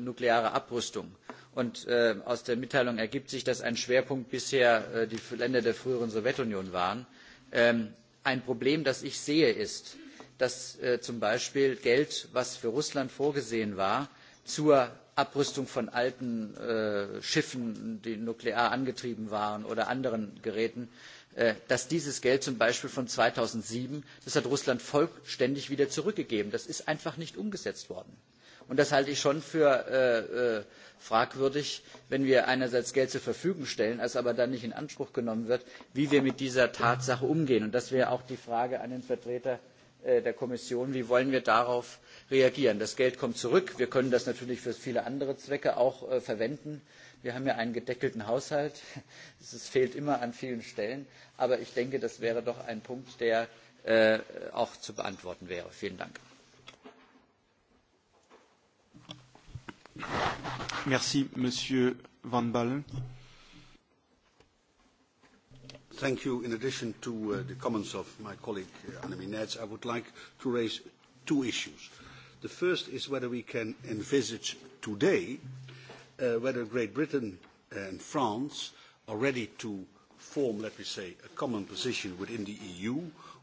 nuklearer abrüstung und äh, aus der mitteilung ergibt sich dass ein schwerpunkt bisher äh, die länder der früheren sowjetunion waren. Ähm, ein problem das ich sehe ist dass äh, zum beispiel geld das für russland vorgesehen war zur abrüstung von alten äh, schiffen die nuklear angetrieben waren oder anderen geräten äh, dass dieses geld zum beispiel von zweitausendsieben das hat russland vollständig wieder zurückgegeben das ist einfach nicht umgesetzt worden und das halte ich schon für äh, äh, fragwürdig wenn wir einerseits geld zur verfügung stellen es aber dann nicht in anspruch genommen wird wie wir mit dieser tatsache umgehen. und das wäre auch die frage an den vertreter äh, der kommission wie wollen wir darauf reagieren? das geld kommt zurück wir können das natürlich für viele andere zwecke auch äh, verwenden wir haben ja einen gedeckelten haushalt <laughs> es fehlt immer an vielen stellen aber ich denke das wäre doch ein punkt der äh, auch zu beantworten wäre. vielen dank. Thank you. In addition to uh, the comments of my colleague uh, Annemie Nets, I would like to raise two issues. The first is whether we can envisage today uh, whether Great Britain and France are ready to form, let me say, a common position within the EU,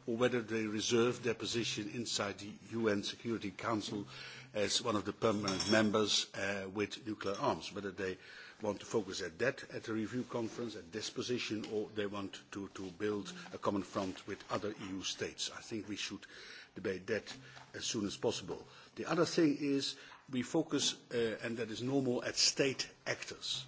or whether they reserve their position inside the UN Security Council mm -hmm as one of the permanent members uh, with nuclear arms, whether they want to focus at that at the review conference, at this position, or they want to, to build a common front with other EU states. I think we should debate that as soon as possible. The other thing is we focus, uh, and that is normal, at state actors.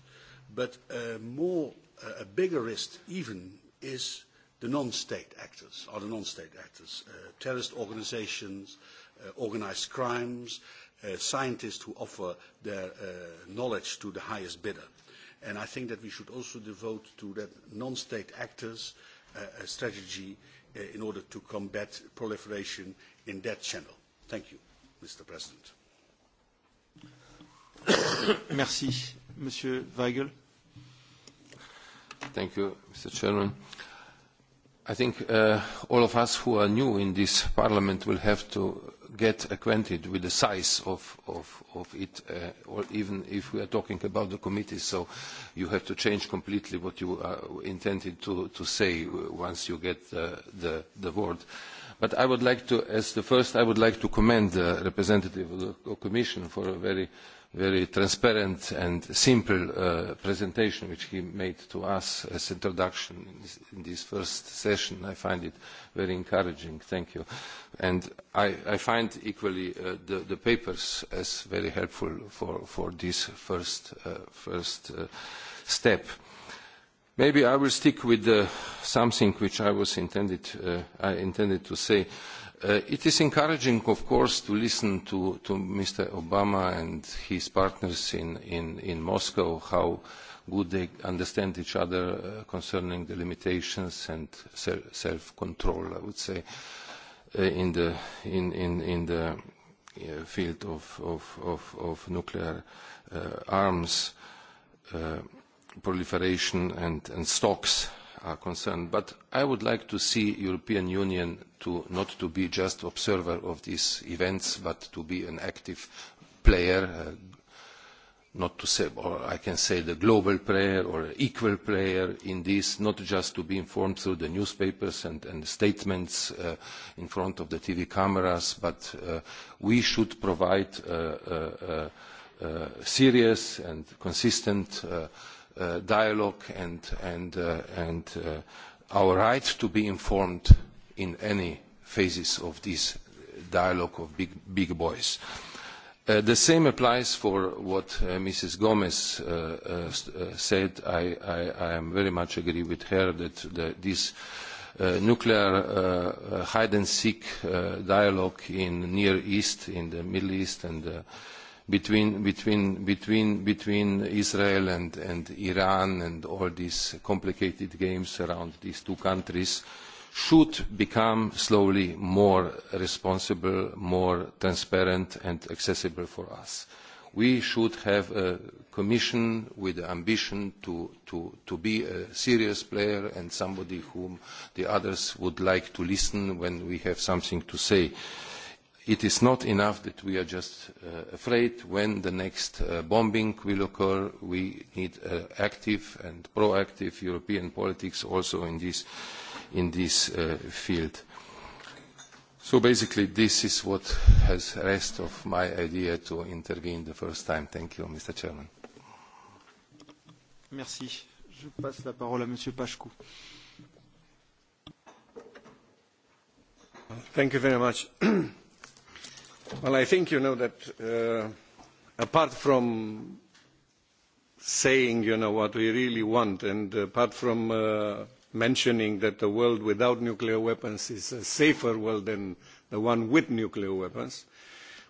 But a uh, more, uh, a bigger risk even is the non-state actors, or the non-state actors, uh, terrorist organisations Uh, organised crimes, uh, scientists who offer their uh, knowledge to the highest bidder. And I think that we should also devote to that non-state actors uh, a strategy in order to combat proliferation in that channel. Thank you, Mr. President. <coughs> Merci. Monsieur Weigel. Thank you, Mr. Chairman. I think uh, all of us who are new in this Parliament will have to get acquainted with the size of, of, it, uh, or even if we are talking about the committee, so you have to change completely what you uh, intended to, to say once you get the, the word. But I would like to, as the first, I would like to commend the representative of the Commission for a very very transparent and simple uh, presentation which he made to us as introduction in this, in this first session. I find it very encouraging. Thank you. And I, I find equally uh, the, the papers as very helpful for, for this first, uh, first uh, step. Maybe I will stick with uh, something which I, was intended, uh, I intended to say. Uh, Uh, it is encouraging, of course, to listen to, to Mr. Obama and his partners in, in, in Moscow, how good they understand each other uh, concerning the limitations and self-control, I would say, uh, in the, in, in, in the uh, field of, of, of, of nuclear uh, arms proliferation and, and stocks are concerned. But I would like to see the European Union to, not to be just an observer of these events, but to be an active player, uh, not to say, or I can say the global player or equal player in this, not just to be informed through the newspapers and, and statements uh, in front of the TV cameras, but uh, we should provide uh, uh, uh, serious and consistent Uh, dialogue and, and, uh, and uh, our right to be informed in any phases of this dialogue of big, big boys. Uh, the same applies for what uh, Mrs. Gomez uh, said. I, I, I, am very much agree with her that the, this nuclear hide-and-seek dialogue in the Near East, in the Middle East and between, between, between, between Israel and, and Iran and all these complicated games around these two countries should become slowly more responsible, more transparent and accessible for us. We should have a commission with the ambition to, to, to be a serious player and somebody whom the others would like to listen to when we have something to say. Uh, it is not enough that we are just uh, afraid when the next uh, bombing will occur. We need an uh, active and proactive European politics also in this, in this uh, field. So basically this is what has rest of my idea to intervene the first time. Thank you, Mr. Chairman. Merci. Je passe la parole à Monsieur Pachkou. Thank you very much. <clears throat> I think you know that uh, apart from saying what we really want and apart from uh, mentioning that a world without nuclear weapons is a safer world than the one with nuclear weapons,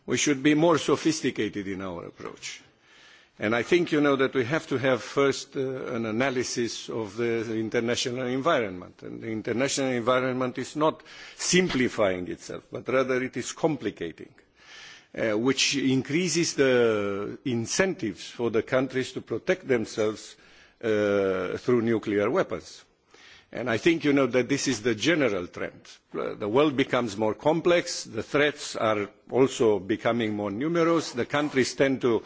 we should be more sophisticated in our approach. And I think you know that we have to have first uh, an analysis of the international environment. And the international environment is not simplifying itself, but rather it is complicating Uh, which increases the incentives for the countries to protect themselves uh, through nuclear weapons. And I think you know that this is the general trend. Uh, the world becomes more complex, the threats are also becoming more numerous, the countries tend to,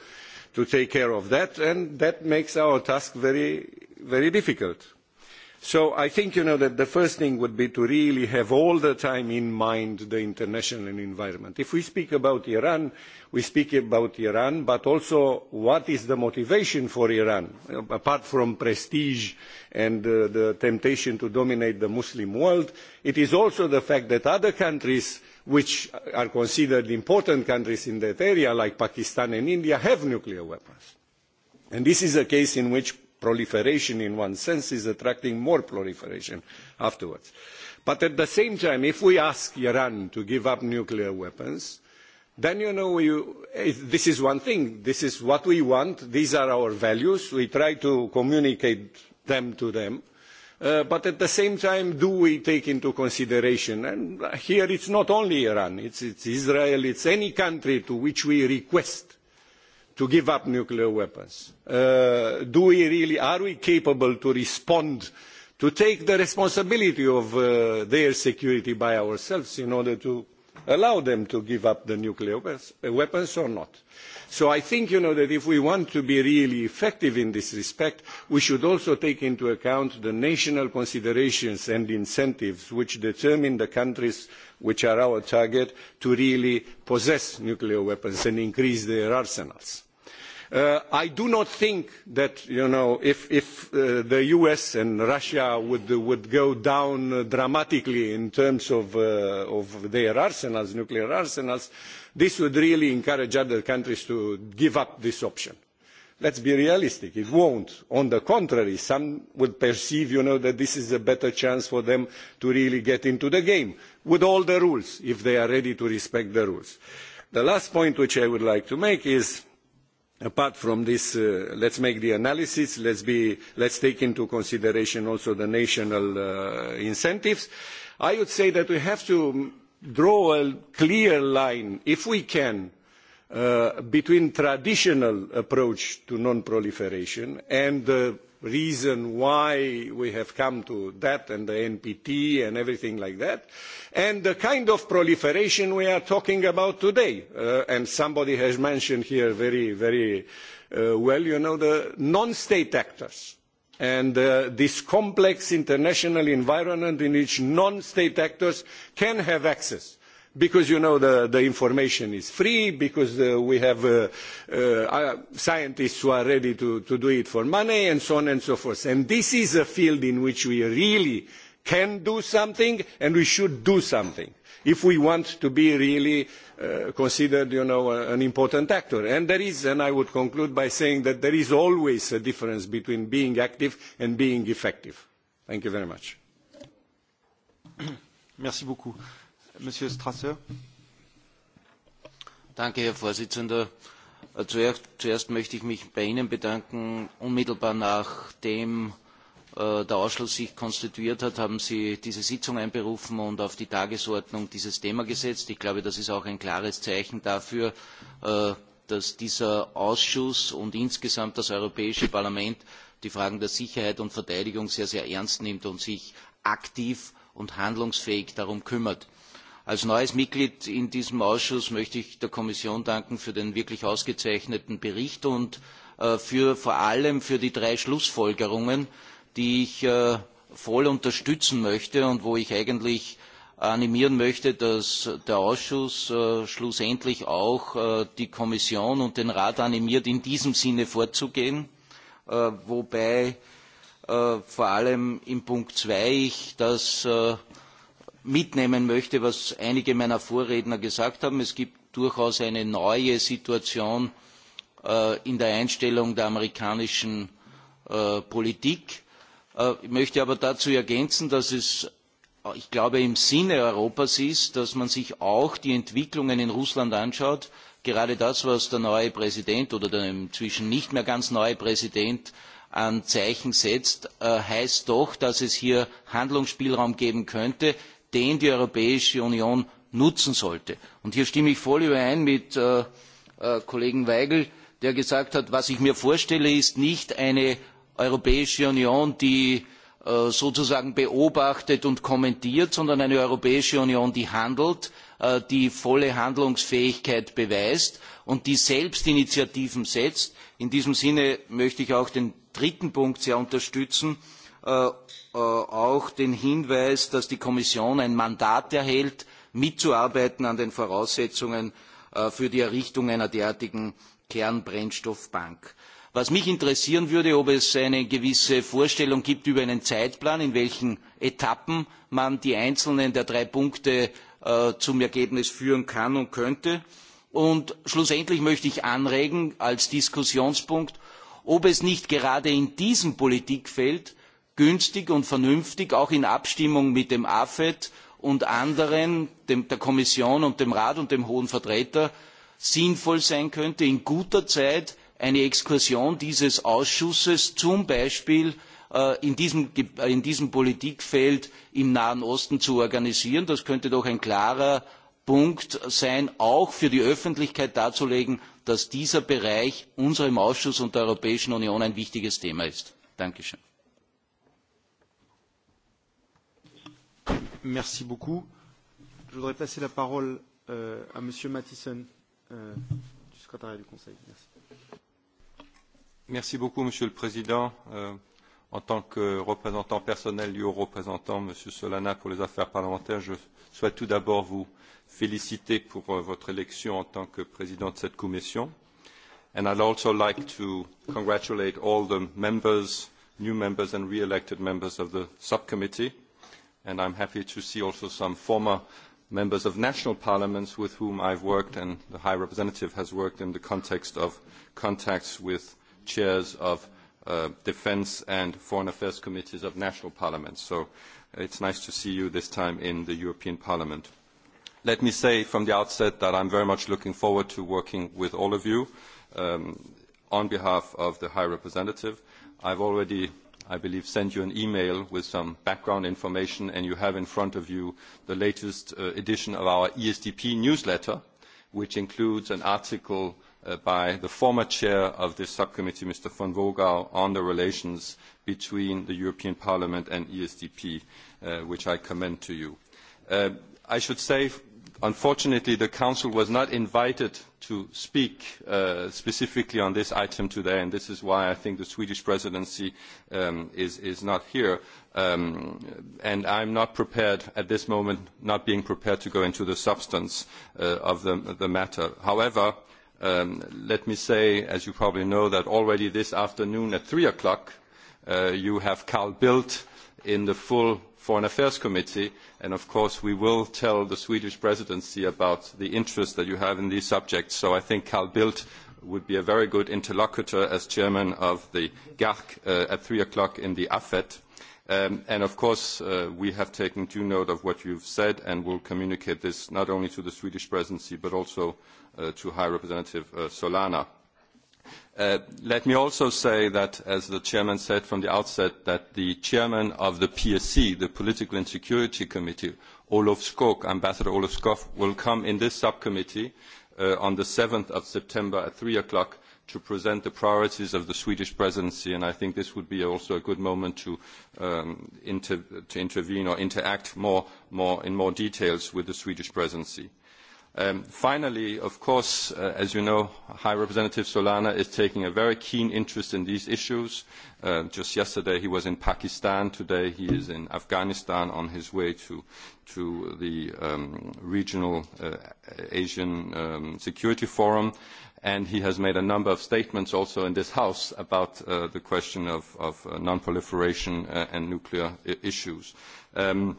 to take care of that, and that makes our task very, very difficult so I think you know, that the first thing would be to really have all the time in mind the international environment. If we speak about Iran, we speak about Iran, but also what is the motivation for Iran, apart from prestige and uh, the temptation to dominate the Muslim world. It is also the fact that other countries which are considered important countries in that area, like Pakistan and India, have nuclear weapons. And this is a case in which proliferation in one sense is attracting more proliferation afterwards. But at the same time, if we ask Iran to give up nuclear weapons, then you know you, this is one thing. This is what we want. These are our values. We try to communicate them to them. Uh, but at the same time, do we take into consideration, and here it's not only Iran, it's, it's Israel, it's any country to which we request to give up nuclear weapons? Uh, do we really, are we capable to respond, to take the responsibility of uh, their security by ourselves in order to allow them to give up the nuclear uh, weapons or not? So I think you know, that if we want to be really effective in this respect, we should also take into account the national considerations and incentives which determine the countries which are our target to really possess nuclear weapons and increase their arsenals Uh, i do not think that you know, if, if uh, the us and russia would, would go down uh, dramatically in terms of, uh, of their arsenals, nuclear arsenals this would really encourage other countries to give up this option. let us be realistic it will not. on the contrary some would perceive you know, that this is a better chance for them to really get into the game with all the rules if they are ready to respect the rules. the last point which i would like to make is apart from this uh, let us make the analysis let us take into consideration also the national uh, incentives i would say that we have to draw a clear line if we can uh, between the traditional approach to non proliferation and the reason why we have come to that and the NPT and everything like that, and the kind of proliferation we are talking about today. Uh, and somebody has mentioned here very, very uh, well, you know, the non-state actors and uh, this complex international environment in which non-state actors can have access because you know the, the information is free, because uh, we have uh, uh, uh, scientists who are ready to, to do it for money, and so on and so forth. And this is a field in which we really can do something, and we should do something if we want to be really uh, considered you know, an important actor. And there is, and I would conclude by saying that there is always a difference between being active and being effective. Thank you very much. Herr Präsident. Äh, zuerst, möchte ich mich bei Ihnen bedanken. Unmittelbar nachdem äh, der Ausschuss sich konstituiert hat, haben Sie diese Sitzung einberufen und auf die Tagesordnung dieses Thema gesetzt. Ich glaube, das ist auch ein klares Zeichen dafür, äh, dass dieser Ausschuss und insgesamt das Europäische Parlament die Fragen der Sicherheit und Verteidigung sehr, sehr ernst nimmt und sich aktiv und handlungsfähig darum kümmert. Als neues Mitglied in diesem Ausschuss möchte ich der Kommission danken für den wirklich ausgezeichneten Bericht und äh, vor allem für die drei Schlussfolgerungen, die ich äh, voll unterstützen möchte und wo ich eigentlich animieren möchte, dass der Ausschuss äh, schlussendlich auch die Kommission und den Rat animiert, in diesem Sinne vorzugehen, wobei vor allem in Punkt zwei ich das mitnehmen möchte, was einige meiner Vorredner gesagt haben. Es gibt durchaus eine neue Situation äh, in der Einstellung der amerikanischen äh, Politik. Äh, ich möchte aber dazu ergänzen, dass es, äh, ich glaube, im Sinne Europas ist, dass man sich auch die Entwicklungen in Russland anschaut. Gerade das, was der neue Präsident oder der inzwischen nicht mehr ganz neue Präsident an Zeichen setzt, äh, heißt doch, dass es hier Handlungsspielraum geben könnte den die europäische union nutzen sollte. Und hier stimme ich voll überein mit dem äh, äh, kollegen vajgl der gesagt hat was ich mir vorstelle ist nicht eine europäische union die äh, sozusagen beobachtet und kommentiert sondern eine europäische union die handelt die volle handlungsfähigkeit beweist und die selbst initiativen setzt. in diesem sinne möchte ich auch den dritten punkt sehr unterstützen Äh, auch den Hinweis, dass die Kommission ein Mandat erhält, mitzuarbeiten an den Voraussetzungen äh, für die Errichtung einer derartigen Kernbrennstoffbank. Was mich interessieren würde, ob es eine gewisse Vorstellung gibt über einen Zeitplan, in welchen Etappen man die einzelnen der drei Punkte äh, zum Ergebnis führen kann und könnte. Und schlussendlich möchte ich anregen als Diskussionspunkt, ob es nicht gerade in diesem Politikfeld günstig und vernünftig auch in abstimmung mit dem afet und anderen der kommission und dem rat und dem hohen vertreter sinnvoll sein könnte in guter zeit eine exkursion dieses ausschusses zum beispiel äh, in diesem, äh, in diesem politikfeld im nahen osten zu organisieren. das könnte doch ein klarer punkt sein auch für die öffentlichkeit darzulegen dass dieser bereich unserem ausschuss und der europäischen union ein wichtiges thema ist. danke schön. Merci beaucoup. Je voudrais passer la parole euh, à Monsieur Mattison euh, du secrétariat du Conseil. Merci. Merci beaucoup, Monsieur le Président. Euh, en tant que représentant personnel du haut représentant, Monsieur Solana, pour les affaires parlementaires, je souhaite tout d'abord vous féliciter pour euh, votre élection en tant que président de cette commission. And I'd also like to congratulate all the members, new members and re-elected members of the subcommittee and I am happy to see also some former members of national parliaments with whom I have worked and the High Representative has worked in the context of contacts with chairs of uh, defence and foreign affairs committees of national parliaments. So it is nice to see you this time in the European Parliament. Let me say from the outset that I am very much looking forward to working with all of you um, on behalf of the High Representative. I have already i believe, sent you an email with some background information, and you have in front of you the latest uh, edition of our ESDP newsletter, which includes an article uh, by the former chair of this subcommittee, Mr. von Wogau, on the relations between the European Parliament and ESDP, uh, which I commend to you. Uh, I should say unfortunately the council was not invited to speak uh, specifically on this item today and this is why i think the swedish presidency um, is, not here um, and i am not prepared at this moment not being prepared to go into the substance uh, of the, matter. however um, let me say as you probably know that already this afternoon at three o'clock uh, you have carl bildt in the full foreign affairs committee and of course we will tell the swedish presidency about the interest that you have in these subjects so i think carl bildt would be a very good interlocutor as chairman of the GARC uh, at three o'clock in the AFET. Um, and of course, uh, we have taken due note of what you have said and will communicate this not only to the Swedish presidency but also uh, to High Representative uh, Solana. Uh, let me also say that, as the chairman said from the outset, that the chairman of the PSC, the Political and Security Committee, Olof Skog, Ambassador Olof Skog, will come in this subcommittee uh, on the 7 of September at three o'clock to present the priorities of the Swedish presidency, and I think this would be also a good moment to, um, intervene or interact more in more details with the Swedish presidency. Um, finally, of course, uh, as you know, High Representative Solana is taking a very keen interest in these issues. Um, just yesterday he was in Pakistan, today he is in Afghanistan on his way to, to the um, regional uh, Asian um, Security Forum, and he has made a number of statements also in this House about uh, the question of, of uh, non-proliferation and nuclear issues. Um,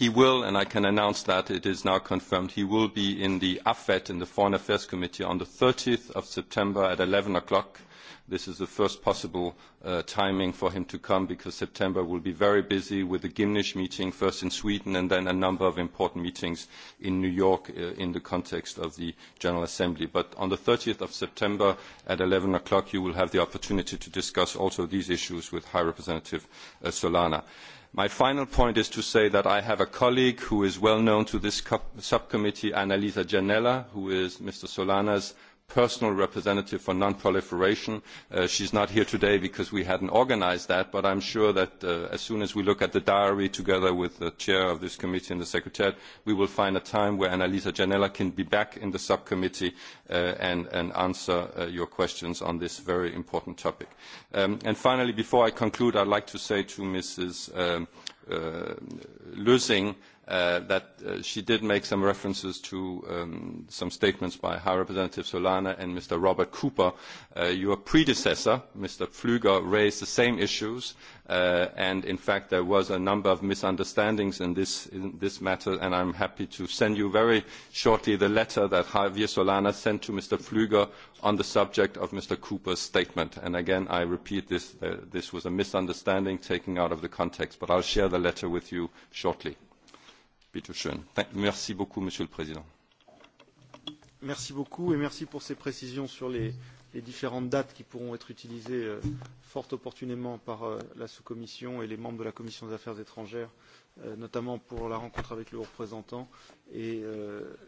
he will and i can announce that it is now confirmed he will be in the afet in the foreign affairs committee on thirty september at eleven o'clock this is the first possible uh, timing for him to come because September will be very busy with the Gimnish meeting first in Sweden and then a number of important meetings in New York uh, in the context of the General Assembly. But on the of September at eleven o'clock you will have the opportunity to discuss also these issues with High Representative uh, Solana my final point is to say that i have a colleague who is well known to this subcommittee annalisa janella who is mr solana's personal representative for non proliferation. Uh, she is not here today because we had not organised that, but I am sure that uh, as soon as we look at the diary together with the chair of this committee and the secretariat, we will find a time where Annalisa Janella can be back in the subcommittee uh, and, and, answer uh, your questions on this very important topic. Um, and finally, before I conclude, I would like to say to Mrs. Um, uh, Lösing, Uh, that uh, she did make some references to um, some statements by High Representative Solana and Mr. Robert Cooper. Uh, your predecessor, Mr. Pfluger, raised the same issues, uh, and in fact there was a number of misunderstandings in this, in this matter, and I am happy to send you very shortly the letter that Javier Solana sent to Mr. Pfluger on the subject of Mr. Cooper's statement. And again, I repeat this, this was a misunderstanding taken out of the context, but I will share the letter with you shortly. Merci beaucoup, Monsieur le Président. Merci beaucoup et merci pour ces précisions sur les, différentes dates qui pourront être utilisées euh, fort opportunément par euh, la sous-commission et les membres de la commission des affaires étrangères, euh, notamment pour la rencontre avec le haut représentant et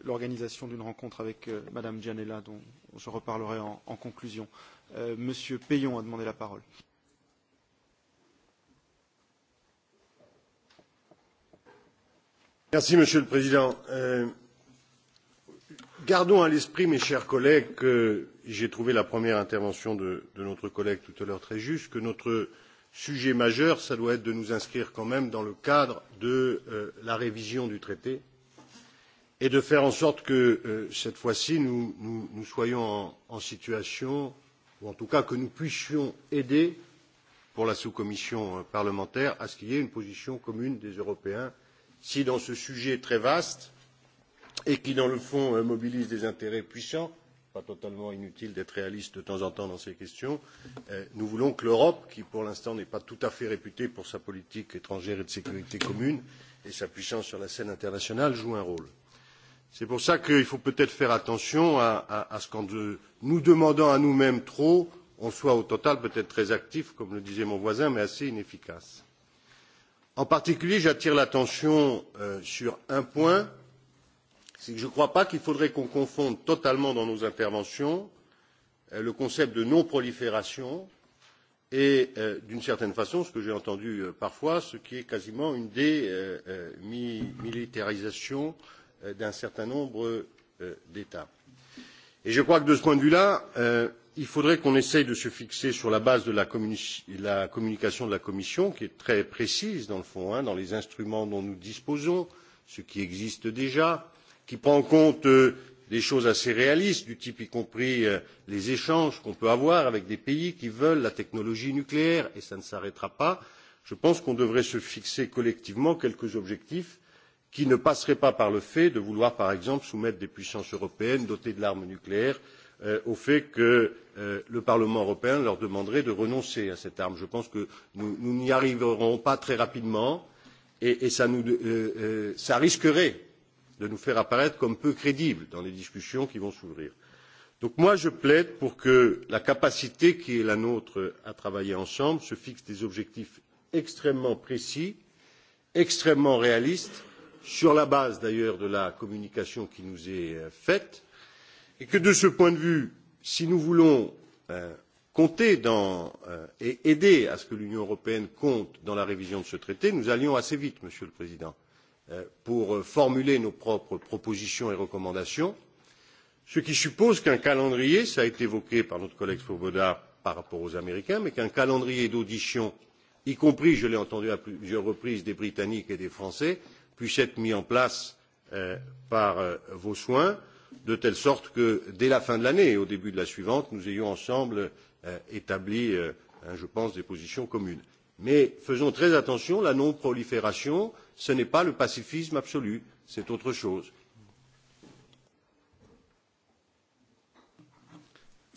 l'organisation d'une rencontre avec Madame Gianella, dont je reparlerai en, conclusion. Monsieur Payon a demandé la parole. Monsieur le Président. Euh, gardons à l'esprit, mes chers collègues, que j'ai trouvé la première intervention de, notre collègue tout à l'heure très juste, que notre sujet majeur, doit être de nous inscrire quand même dans le cadre de euh, la révision du traité et de faire en sorte que euh, cette fois-ci, nous, soyons en, situation, ou en tout cas que nous puissions aider pour la sous-commission parlementaire à ce qu'il y ait une position commune des Européens si dans ce sujet très vaste et qui dans le fond euh, mobilise des intérêts puissants pas totalement inutile d'être réaliste de temps en temps dans ces questions euh, nous voulons que l'europe qui pour l'instant n'est pas tout à fait réputée pour sa politique étrangère et de sécurité commune et sa puissance sur la scène internationale joue un rôle. c'est pour cela qu'il faut peut être faire attention à, à, à ce qu'en de, nous demandant à nous mêmes trop on soit au total peut être très actif comme le disait mon voisin mais assez inefficace en particulier j'attire l'attention euh, sur un point c'est que je ne crois pas qu'il faudrait qu'on confonde totalement dans nos interventions euh, le concept de non prolifération et euh, d'une certaine façon ce que j'ai entendu parfois ce qui est quasiment une démilitarisation d'un certain nombre d'états. et je crois que de ce point de vue là il faudrait qu'on essaie de se fixer sur la base de la, communication de la commission qui est très précise dans le fond dans les instruments dont nous disposons ce qui existe déjà qui prend en compte euh, des choses assez réalistes du type y compris euh, les échanges qu'on peut avoir avec des pays qui veulent la technologie nucléaire et ça ne s'arrêtera pas je pense qu'on devrait se fixer collectivement quelques objectifs qui ne passeraient pas par le fait de vouloir par exemple soumettre des puissances européennes dotées de l'arme nucléaire euh, au fait que Euh, le parlement européen leur demanderait de renoncer à cette arme. je pense que nous n'y arriverons pas très rapidement et cela euh, euh, risquerait de nous faire apparaître comme peu crédibles dans les discussions qui vont s'ouvrir. donc moi je plaide pour que la capacité qui est la nôtre à travailler ensemble se fixe des objectifs extrêmement précis extrêmement réalistes sur la base d'ailleurs de la communication qui nous est faite et que de ce point de vue si nous voulons euh, compter euh, et aider à ce que l'union européenne compte dans la révision de ce traité nous allions assez vite monsieur le président euh, pour formuler nos propres propositions et recommandations ce qui suppose qu'un calendrier cela a été évoqué par notre collègue swoboda par rapport aux américains mais qu'un calendrier d'audition y compris je l'ai entendu à plusieurs reprises des britanniques et des français puisse être mis en place par vos soins de telle sorte que dès la fin de l'année et au début de la suivante nous ayons ensemble euh, établi euh, je pense des positions communes. mais faisons très attention la non prolifération ce n'est pas le pacifisme absolu c'est autre chose.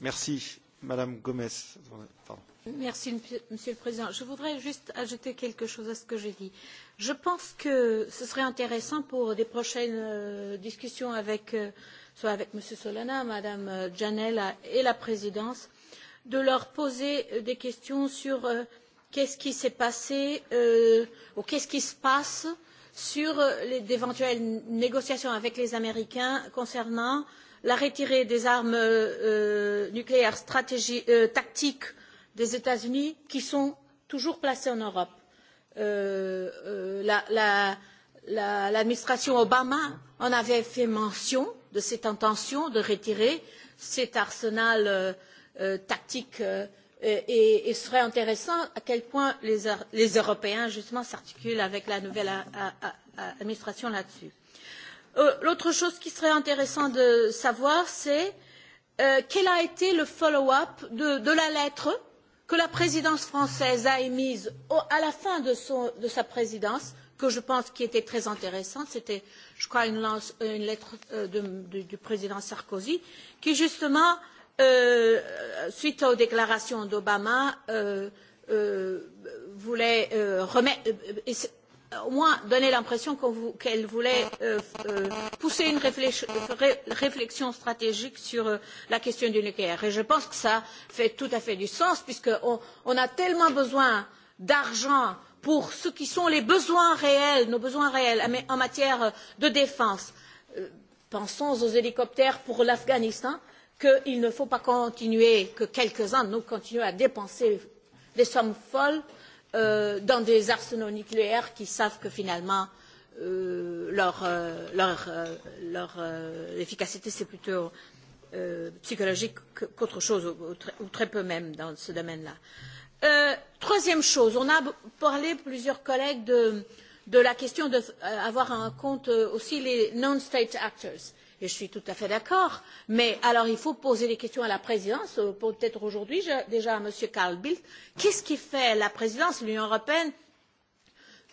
Merci, monsieur le président je voudrais juste ajouter quelque chose à ce que j'ai dit. je pense que ce serait intéressant pour de prochaines euh, discussions avec m soit avec M. Solana, Mme euh, Janella et la présidence, de leur poser euh, des questions sur euh, qu'est-ce qui s'est passé euh, ou qu'est-ce qui se passe sur d'éventuelles négociations avec les Américains concernant la retirée des armes euh, nucléaires tactiques des États-Unis qui sont toujours placées en Europe. L'administration la, la, la, Obama en avait fait mention de cette intention de retirer cet arsenal euh, euh, tactique euh, et il serait intéressant à quel point les, les Européens justement s'articulent avec la nouvelle a, a, a, administration là-dessus. Euh, l'autre chose qui serait intéressant de savoir, c'est euh, quel a été le follow-up de, de, la lettre que la présidence française a émise au, à la fin de, son, de sa présidence que je pense qui était très intéressante, c'était, je crois, une, lance, une lettre euh, de, de, du président Sarkozy, qui justement, euh, suite aux déclarations d'Obama, euh, euh, voulait euh, remettre, euh, au moins donner l'impression qu'elle qu voulait euh, euh, pousser une réflexion, réflexion stratégique sur euh, la question du nucléaire. Et je pense que cela fait tout à fait du sens, puisqu'on on a tellement besoin d'argent pour ce qui sont les besoins réels, nos besoins réels en matière de défense. Euh, pensons aux hélicoptères pour l'Afghanistan, qu'il ne faut pas continuer, que quelques-uns nous continuent à dépenser des sommes folles euh, dans des arsenaux nucléaires qui savent que finalement euh, leur, euh, leur, euh, leur euh, efficacité c'est plutôt psychologique qu'autre chose, ou, ou, très, ou très peu même dans ce domaine-là. Euh, Euh, troisième chose, on a parlé plusieurs collègues de, de la question d'avoir euh, en compte euh, aussi les non-state actors. Et je suis tout à fait d'accord, mais alors il faut poser des questions à la présidence, peut-être aujourd'hui déjà à M. Carl Bildt. Qu'est-ce qui fait la présidence, l'Union européenne,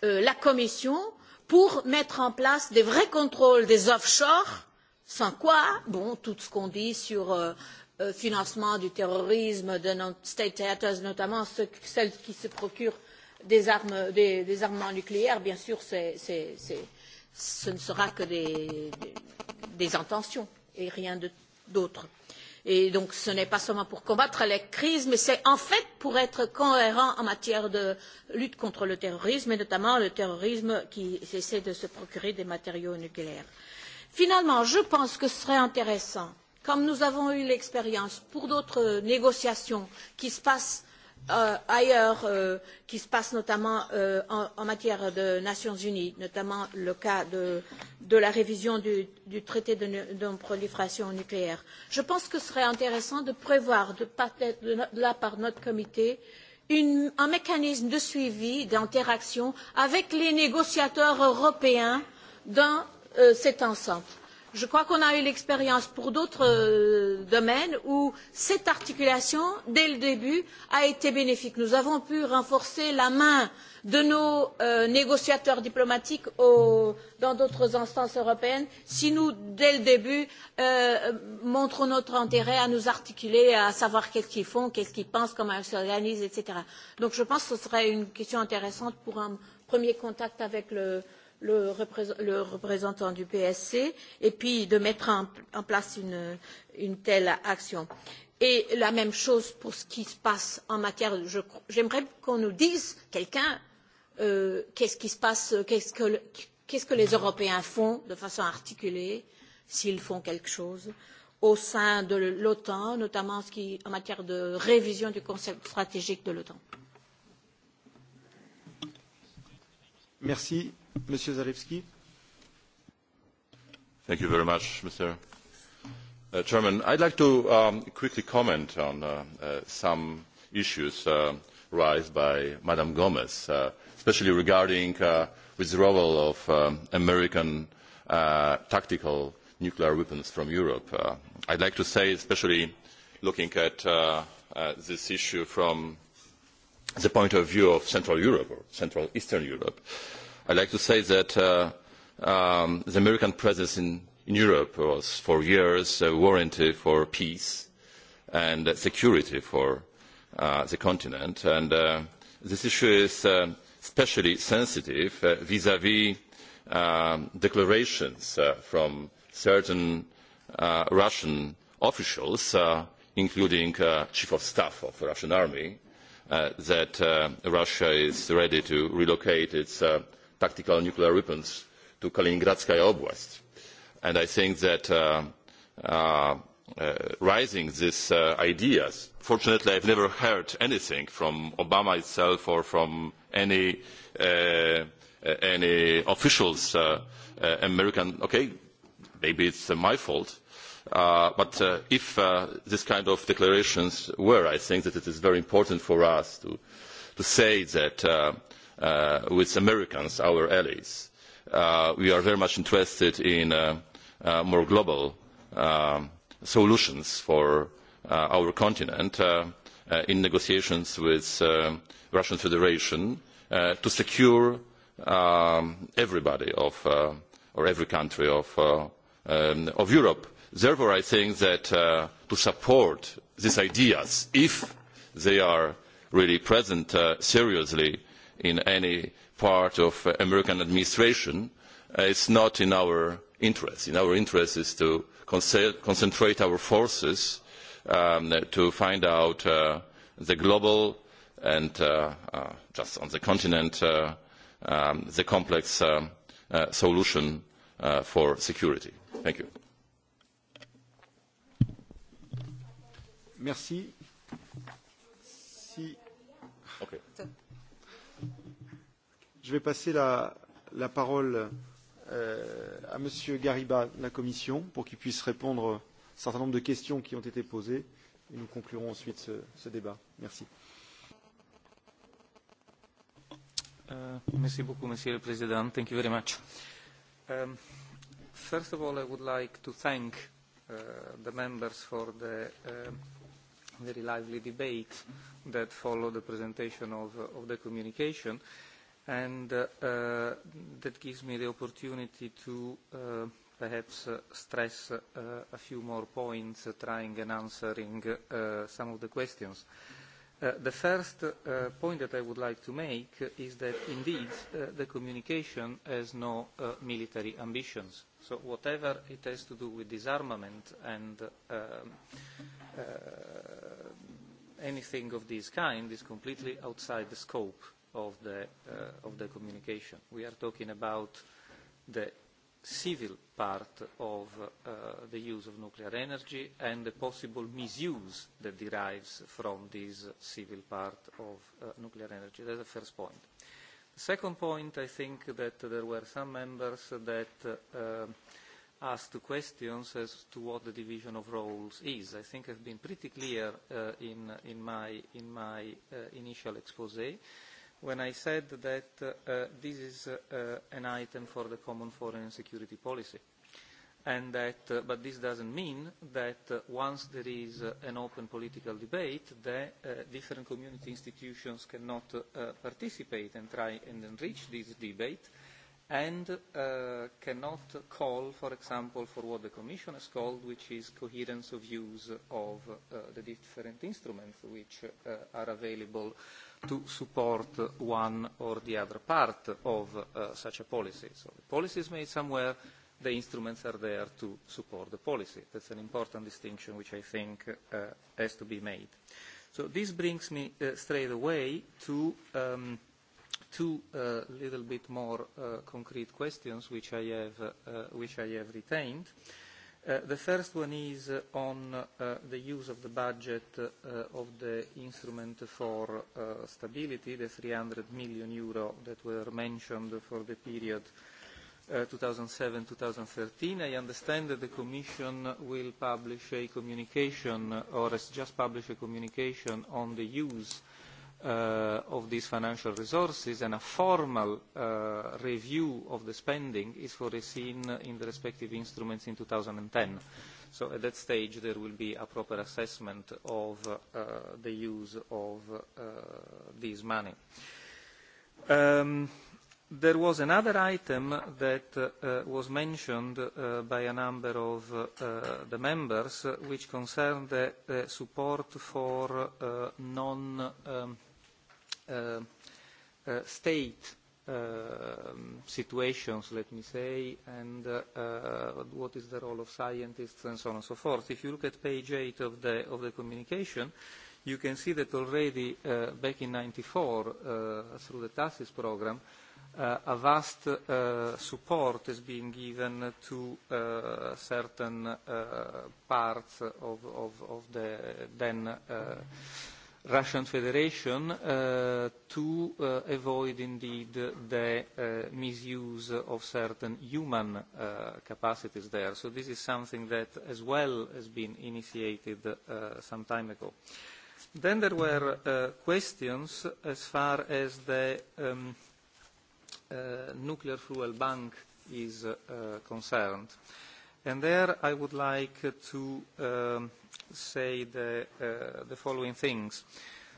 euh, la Commission pour mettre en place des vrais contrôles des offshore sans quoi, bon, tout ce qu'on dit sur euh, Euh, financement du terrorisme de nos state theaters notamment ceux, celles qui se procurent des armes des, des armements nucléaires bien sûr ce ne sera que des, des, des intentions et rien d'autre. Et donc ce n'est pas seulement pour combattre les crises, mais c'est en fait pour être cohérent en matière de lutte contre le terrorisme, et notamment le terrorisme qui essaie de se procurer des matériaux nucléaires. Finalement, je pense que ce serait intéressant comme nous avons eu l'expérience pour d'autres négociations qui se passent euh, ailleurs, euh, qui se passent notamment euh, en, en, matière de Nations Unies, notamment le cas de, de la révision du, du traité de, de prolifération nucléaire. Je pense que ce serait intéressant de prévoir de, de, no-, de la part de notre comité une, un mécanisme de suivi, d'interaction avec les négociateurs européens dans euh, cet ensemble je crois qu'on a eu l'expérience pour d'autres euh, domaines où cette articulation dès le début a été bénéfique. nous avons pu renforcer la main de nos euh, négociateurs diplomatiques dans d'autres instances européennes si nous dès le début euh, montrons notre intérêt à nous articuler à savoir qu'est ce qu'ils font qu'est ce qu'ils pensent comment ils s'organisent etc. donc je pense que ce serait une question intéressante pour un premier contact avec le le, représentant du PSC et puis de mettre en, place une, une telle action. Et la même chose pour ce qui se passe en matière. J'aimerais qu'on nous dise, quelqu'un, euh, qu'est-ce qui se passe, qu'est-ce que, qu'est-ce que les Européens font de façon articulée, s'ils font quelque chose, au sein de l'OTAN, notamment ce qui, en matière de révision du concept stratégique de l'OTAN. Merci. Mr. Uh, I'd like to um, quickly comment on uh, uh, some issues raised by Madam Gomes, especially regarding the withdrawal of American tactical nuclear weapons from Europe. I I'd like to say, especially looking at this issue from the point of view of Central Europe or Central Eastern Europe, would like to say that uh, um, the American presence in, in, Europe was for years a uh, warranty for peace and security for uh, the continent. And uh, this issue is uh, especially sensitive uh, vis-à-vis -vis, um, declarations from certain Russian officials, including uh, chief of staff of the Russian army, that Russia is ready to relocate its tactical nuclear weapons to Kaliningradskaya Oblast. And I think that uh, uh, uh raising these uh, ideas, fortunately I have never heard anything from Obama itself or from any, uh, any officials, uh, American, okay, maybe it's uh, my fault, Uh, but uh, if uh, this kind of declarations were, I think that it is very important for us to, to say that Uh, with Americans, our allies. Uh, we are very much interested in uh, more global um, solutions for our continent in negotiations with the Russian Federation to secure um, everybody of, or every country um, of, Europe. Therefore, I think that to support these ideas, if they are really present seriously in any part of the uh, American administration, uh, it is not in our interest. In our interest is to concentrate our forces um, to find out uh, the global and uh, uh, just on the continent uh, um, the complex um, solution for security. Thank you. Merci. Je vais passer la, la parole euh, à Monsieur Gariba de la Commission pour qu'il puisse répondre à un certain nombre de questions qui ont été posées et nous conclurons ensuite ce, ce débat. Merci. Uh, merci beaucoup, Monsieur le Président. Thank you very much. Um, first of all, I would like to thank uh, the members for the uh, very lively debate that followed the presentation of, of the communication. Uh, and uh, uh, that gives me the opportunity to uh, perhaps uh, stress uh, a few more points uh, trying and answering uh, some of the questions. Uh, the first uh, point that I would like to make is that indeed uh, the communication has no uh, military ambitions. So whatever it has to do with disarmament and uh, uh, anything of this kind is completely outside the scope of the, uh, of the communication. We are talking about the civil part of uh, the use of nuclear energy and the possible misuse that derives from this civil part of uh, nuclear energy. That's the first point. The second point, I think that there were some members that uh, asked questions as to what the division of roles is. I think I've been pretty clear uh, in, in my, in my uh, initial expose. Uh, when I said that uh, this is uh, an item for the common foreign and security policy. And that, uh, but this doesn't mean that uh, once there is uh, an open political debate, the uh, different community institutions cannot uh, participate and try and enrich this debate and uh, cannot call, for example, for what the Commission has called, which is coherence of use of uh, the different instruments which uh, are available uh, to support one or the other part of uh, such a policy. So the policy is made somewhere, the instruments are there to support the policy. That's an important distinction which I think uh, has to be made. So this brings me uh, straight away to um, two uh, little bit more uh, concrete questions which I have, uh, which I have retained. Uh, Uh, the first one is uh, on uh, the use of the budget uh, of the instrument for uh, stability, the 300 million euro that were mentioned for the period 2007-2013. I understand that the Commission will publish a communication or has just published a communication on the use Uh, of these financial resources and a formal uh, review of the spending is foreseen in the respective instruments in ten. So at that stage there will be a proper assessment of uh, the use of uh, this money. Um, there was another item that uh, was mentioned uh, by a number of the members which concerned the support for non um, uh, uh, state uh, situations, let me say, and uh, uh, what is the role of scientists and so on and so forth. If you look at page eight of the, of the communication, you can see that already uh, back in 94, uh, through the TASIS program, uh, a vast uh, support is being given to uh, certain uh, parts of, of, of the then uh, Russian Federation uh, to uh, avoid indeed the uh, misuse of certain human uh, capacities there. So this is something that as well has been initiated uh, some time ago. Then there were uh, questions as far as the um, nuclear fuel bank is concerned. Uh, And there I would like to um, say the, uh, the following things.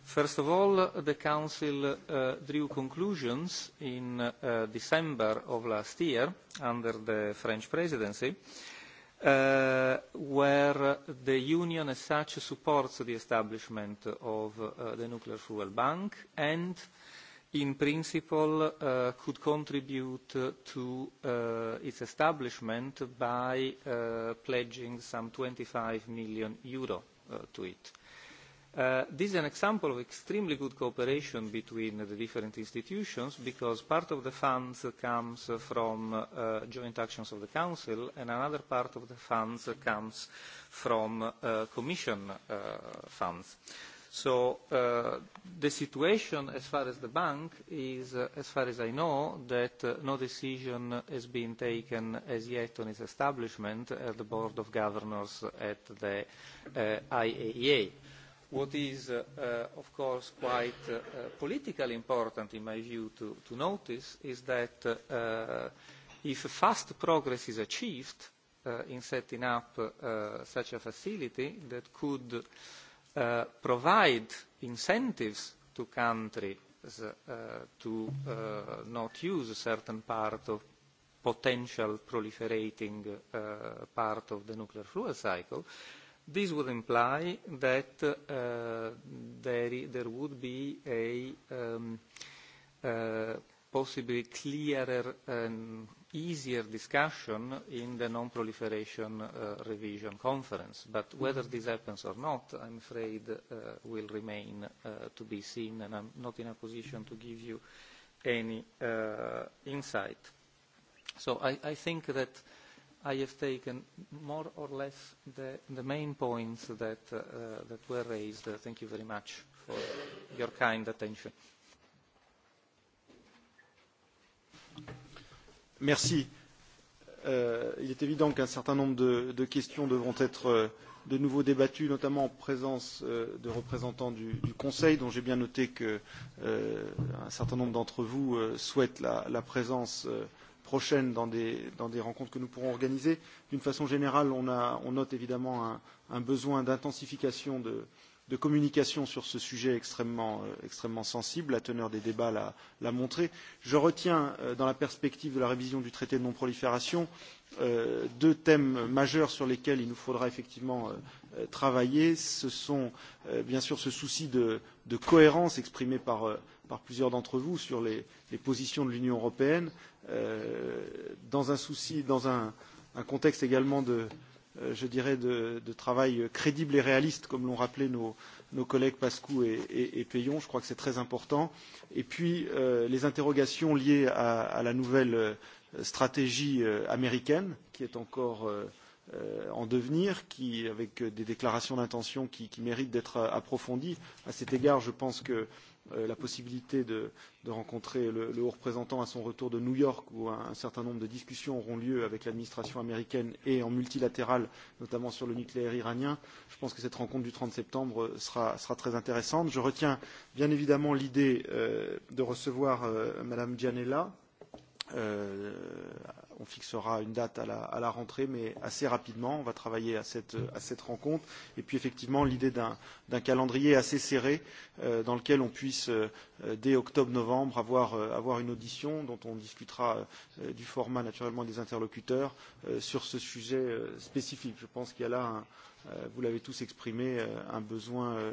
First of all, the Council uh, drew conclusions in uh, December of last year under the French presidency, uh, where the Union as such supports the establishment of uh, the Nuclear Fuel Bank and uh, in principle uh, could contribute to uh, its establishment by uh, pledging some 25 million euro uh, to it. Uh, this is an example of extremely good cooperation between the different institutions because part of the funds comes from uh, joint actions of the Council and another part of the funds comes from uh, Commission uh, funds. Uh, so uh, the situation as far as the bank is, uh, as far as I know, that uh, no decision has been taken as yet on its establishment at the Board of Governors at the IAEA. E What is, of course, quite politically important, in my view, to, to notice is that if fast progress is achieved in setting up such a facility that could Uh, provide incentives to countries uh, to uh, not use a certain part of potential proliferating uh, part of the nuclear fuel cycle, this would imply that uh, there, there would be a um, uh, possibly clearer um, easier discussion in the non-proliferation uh, revision conference. But whether mm-hmm. this happens or not, I'm afraid, uh, will remain uh, to be seen, and I'm not in a position to give you any uh, insight. So I, I think that I have taken more or less the, the main points that, uh, that were raised. Uh, thank you very much for your kind attention. Merci. Euh, il est évident qu'un certain nombre de, de questions devront être euh, de nouveau débattues, notamment en présence euh, de représentants du, du Conseil, dont j'ai bien noté qu'un euh, certain nombre d'entre vous euh, souhaitent la, la présence prochaine dans des, dans des rencontres que nous pourrons organiser. D'une façon générale, on, a, on note évidemment un, un besoin d'intensification de, euh, de communication sur ce sujet extrêmement, euh, extrêmement sensible. La teneur des débats l'a montré. Je retiens, euh, dans la perspective de la révision du traité de non-prolifération, euh, deux thèmes majeurs sur lesquels il nous faudra effectivement euh, euh, travailler. Ce sont euh, bien sûr ce souci de, de cohérence exprimé par, euh, par plusieurs d'entre vous sur les, les positions de l'Union européenne, euh, dans un souci, dans un, un contexte également de, euh, Euh, je dirais, de, de travail crédible et réaliste, comme l'ont rappelé nos, nos collègues Pascou et, et, et Payon. Je crois que c'est très important. Et puis, euh, les interrogations liées à, à la nouvelle euh, stratégie euh, américaine, qui est encore euh, en devenir, qui, avec des déclarations d'intention qui, qui méritent d'être approfondies. À cet égard, je pense que Euh, la possibilité de, de rencontrer le, le haut représentant à son retour de New York, où un, un certain nombre de discussions auront lieu avec l'administration américaine et en multilatéral, notamment sur le nucléaire iranien. Je pense que cette rencontre du 30 septembre sera, sera très intéressante. Je retiens bien évidemment l'idée euh, de recevoir euh, Madame Gianella, euh, on fixera une date à la, à la rentrée, mais assez rapidement. On va travailler à cette, à cette rencontre. Et puis effectivement, l'idée d'un calendrier assez serré euh, dans lequel on puisse, euh, dès octobre-novembre, avoir, euh, avoir une audition dont on discutera euh, du format naturellement des interlocuteurs euh, sur ce sujet euh, spécifique. Je pense qu'il y a là un Euh, vous l'avez tous exprimé, euh, un besoin euh,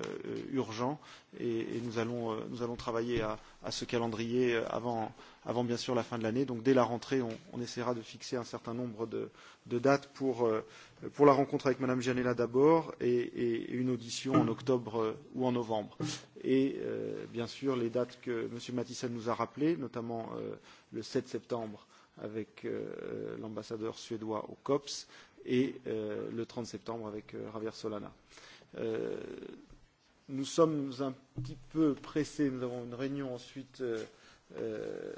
urgent et, nous, allons, nous allons travailler à, à ce calendrier avant, avant bien sûr la fin de l'année. Donc dès la rentrée, on, on essaiera de fixer un certain nombre de, de dates pour, pour la rencontre avec Madame Gianella d'abord et, et une audition en octobre ou en novembre. Et euh, bien sûr les dates que M. Matissel nous a rappelées, notamment euh, le 7 septembre avec euh, l'ambassadeur suédois au COPS, et euh, le 30 septembre avec euh, Javier Solana. Euh, nous sommes un petit peu pressés, nous avons une réunion ensuite. Euh, euh,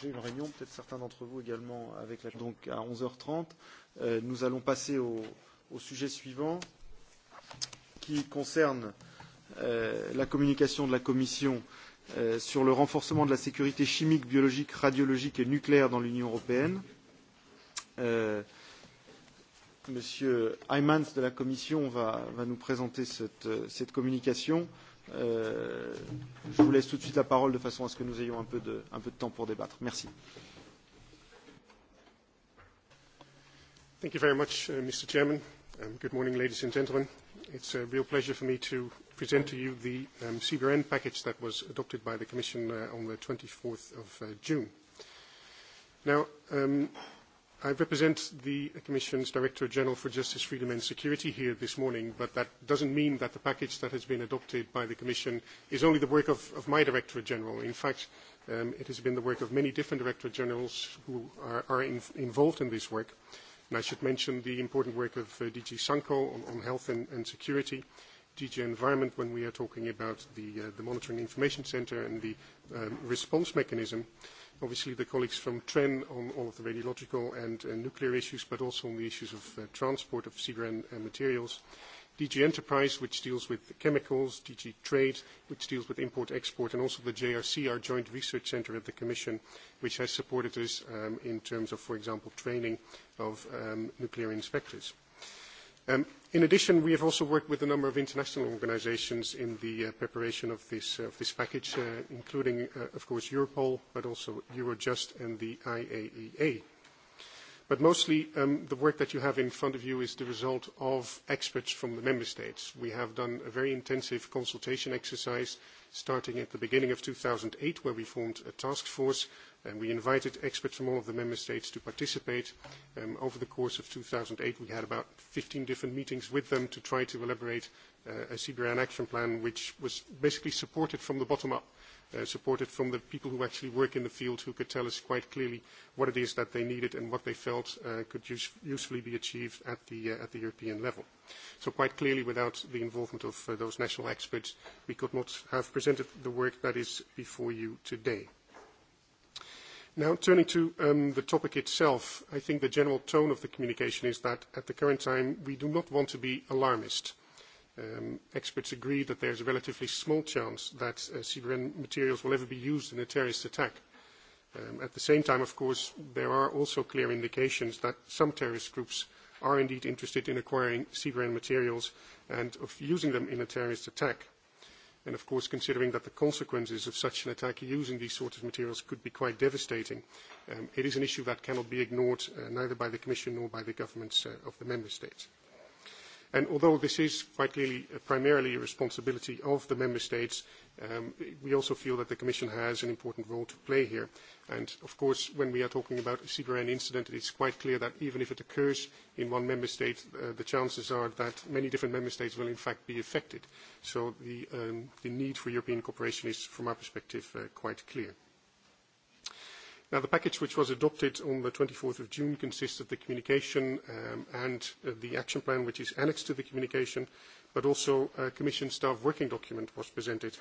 J'ai une réunion, peut-être certains d'entre vous également, avec la donc à 11h30. Euh, nous allons passer au, au sujet suivant qui concerne euh, la communication de la Commission euh, sur le renforcement de la sécurité chimique, biologique, radiologique et nucléaire dans l'Union européenne. Euh, M. Heimans de la Commission va, va nous présenter cette, cette communication. Euh, je vous laisse tout de suite la parole de façon à ce que nous ayons un peu de, un peu de temps pour débattre. Merci. Thank you very much, uh, Mr. Chairman. Um, good morning, ladies and gentlemen. It's a real pleasure for me to present to you the um, CBRN package that was adopted by the Commission uh, on the 24th of uh, June. Now, um, i represent the Commission's Director General for Justice, Freedom and Security here this morning, but that doesn't mean that the package that has been adopted by the Commission is only the work of, of my Director General. In fact, um, it has been the work of many different Director Generals who are, are in, involved in this work. And I should mention the important work of uh, DG Sanko on, on health and, and security, DG Environment when we are talking about the, uh, the Monitoring Information Centre and the um, response mechanism obviously the colleagues from TREN on all of the radiological and uh, nuclear issues, but also on the issues of uh, transport of CBRN uh, materials. DG Enterprise, which deals with chemicals, DG Trade, which deals with import-export, and also the JRC, our joint research center at the Commission, which has supported us um, in terms of, for example, training of um, nuclear inspectors. Um, in addition, we have also worked with a number of international organisations in the uh, preparation of this, uh, of this package, uh, including, uh, of course, Europol, but also Eurojust and the IAEA. E but mostly, um, the work that you have in front of you is the result of experts from the member states. We have done a very intensive consultation exercise starting at the beginning of two thousand eight, where we formed a task force And we invited experts from all of the member states to participate. Um, over the course of 2008, we had about 15 different meetings with them to try to elaborate uh, a CBRN action plan, which was basically supported from the bottom up, uh, supported from the people who actually work in the field, who could tell us quite clearly what it is that they needed and what they felt uh, could use, usefully be achieved at the, uh, at the European level. So quite clearly, without the involvement of uh, those national experts, we could not have presented the work that is before you today. Now, turning to um, the topic itself, I think the general tone of the communication is that at the current time, we do not want to be alarmist. Um, experts agree that there is a relatively small chance that uh, CBRN materials will ever be used in a terrorist attack. Um, at the same time, of course, there are also clear indications that some terrorist groups are indeed interested in acquiring CBRN materials and of using them in a terrorist attack. And of course, considering that the consequences of such an attack using these sorts of materials could be quite devastating, um, it is an issue that cannot be ignored uh, neither by the Commission nor by the governments uh, of the Member States. And although this is quite clearly uh, primarily a responsibility of the member states, um, we also feel that the Commission has an important role to play here. And of course, when we are talking about a CBRN incident, it is quite clear that even if it occurs in one member state, uh, the chances are that many different member states will in fact be affected. So the, um, the need for European cooperation is, from our perspective, uh, quite clear. Now, the package which was adopted on the 24th of June consists of the communication um, and uh, the action plan which is annexed to the communication, but also a Commission staff working document was presented.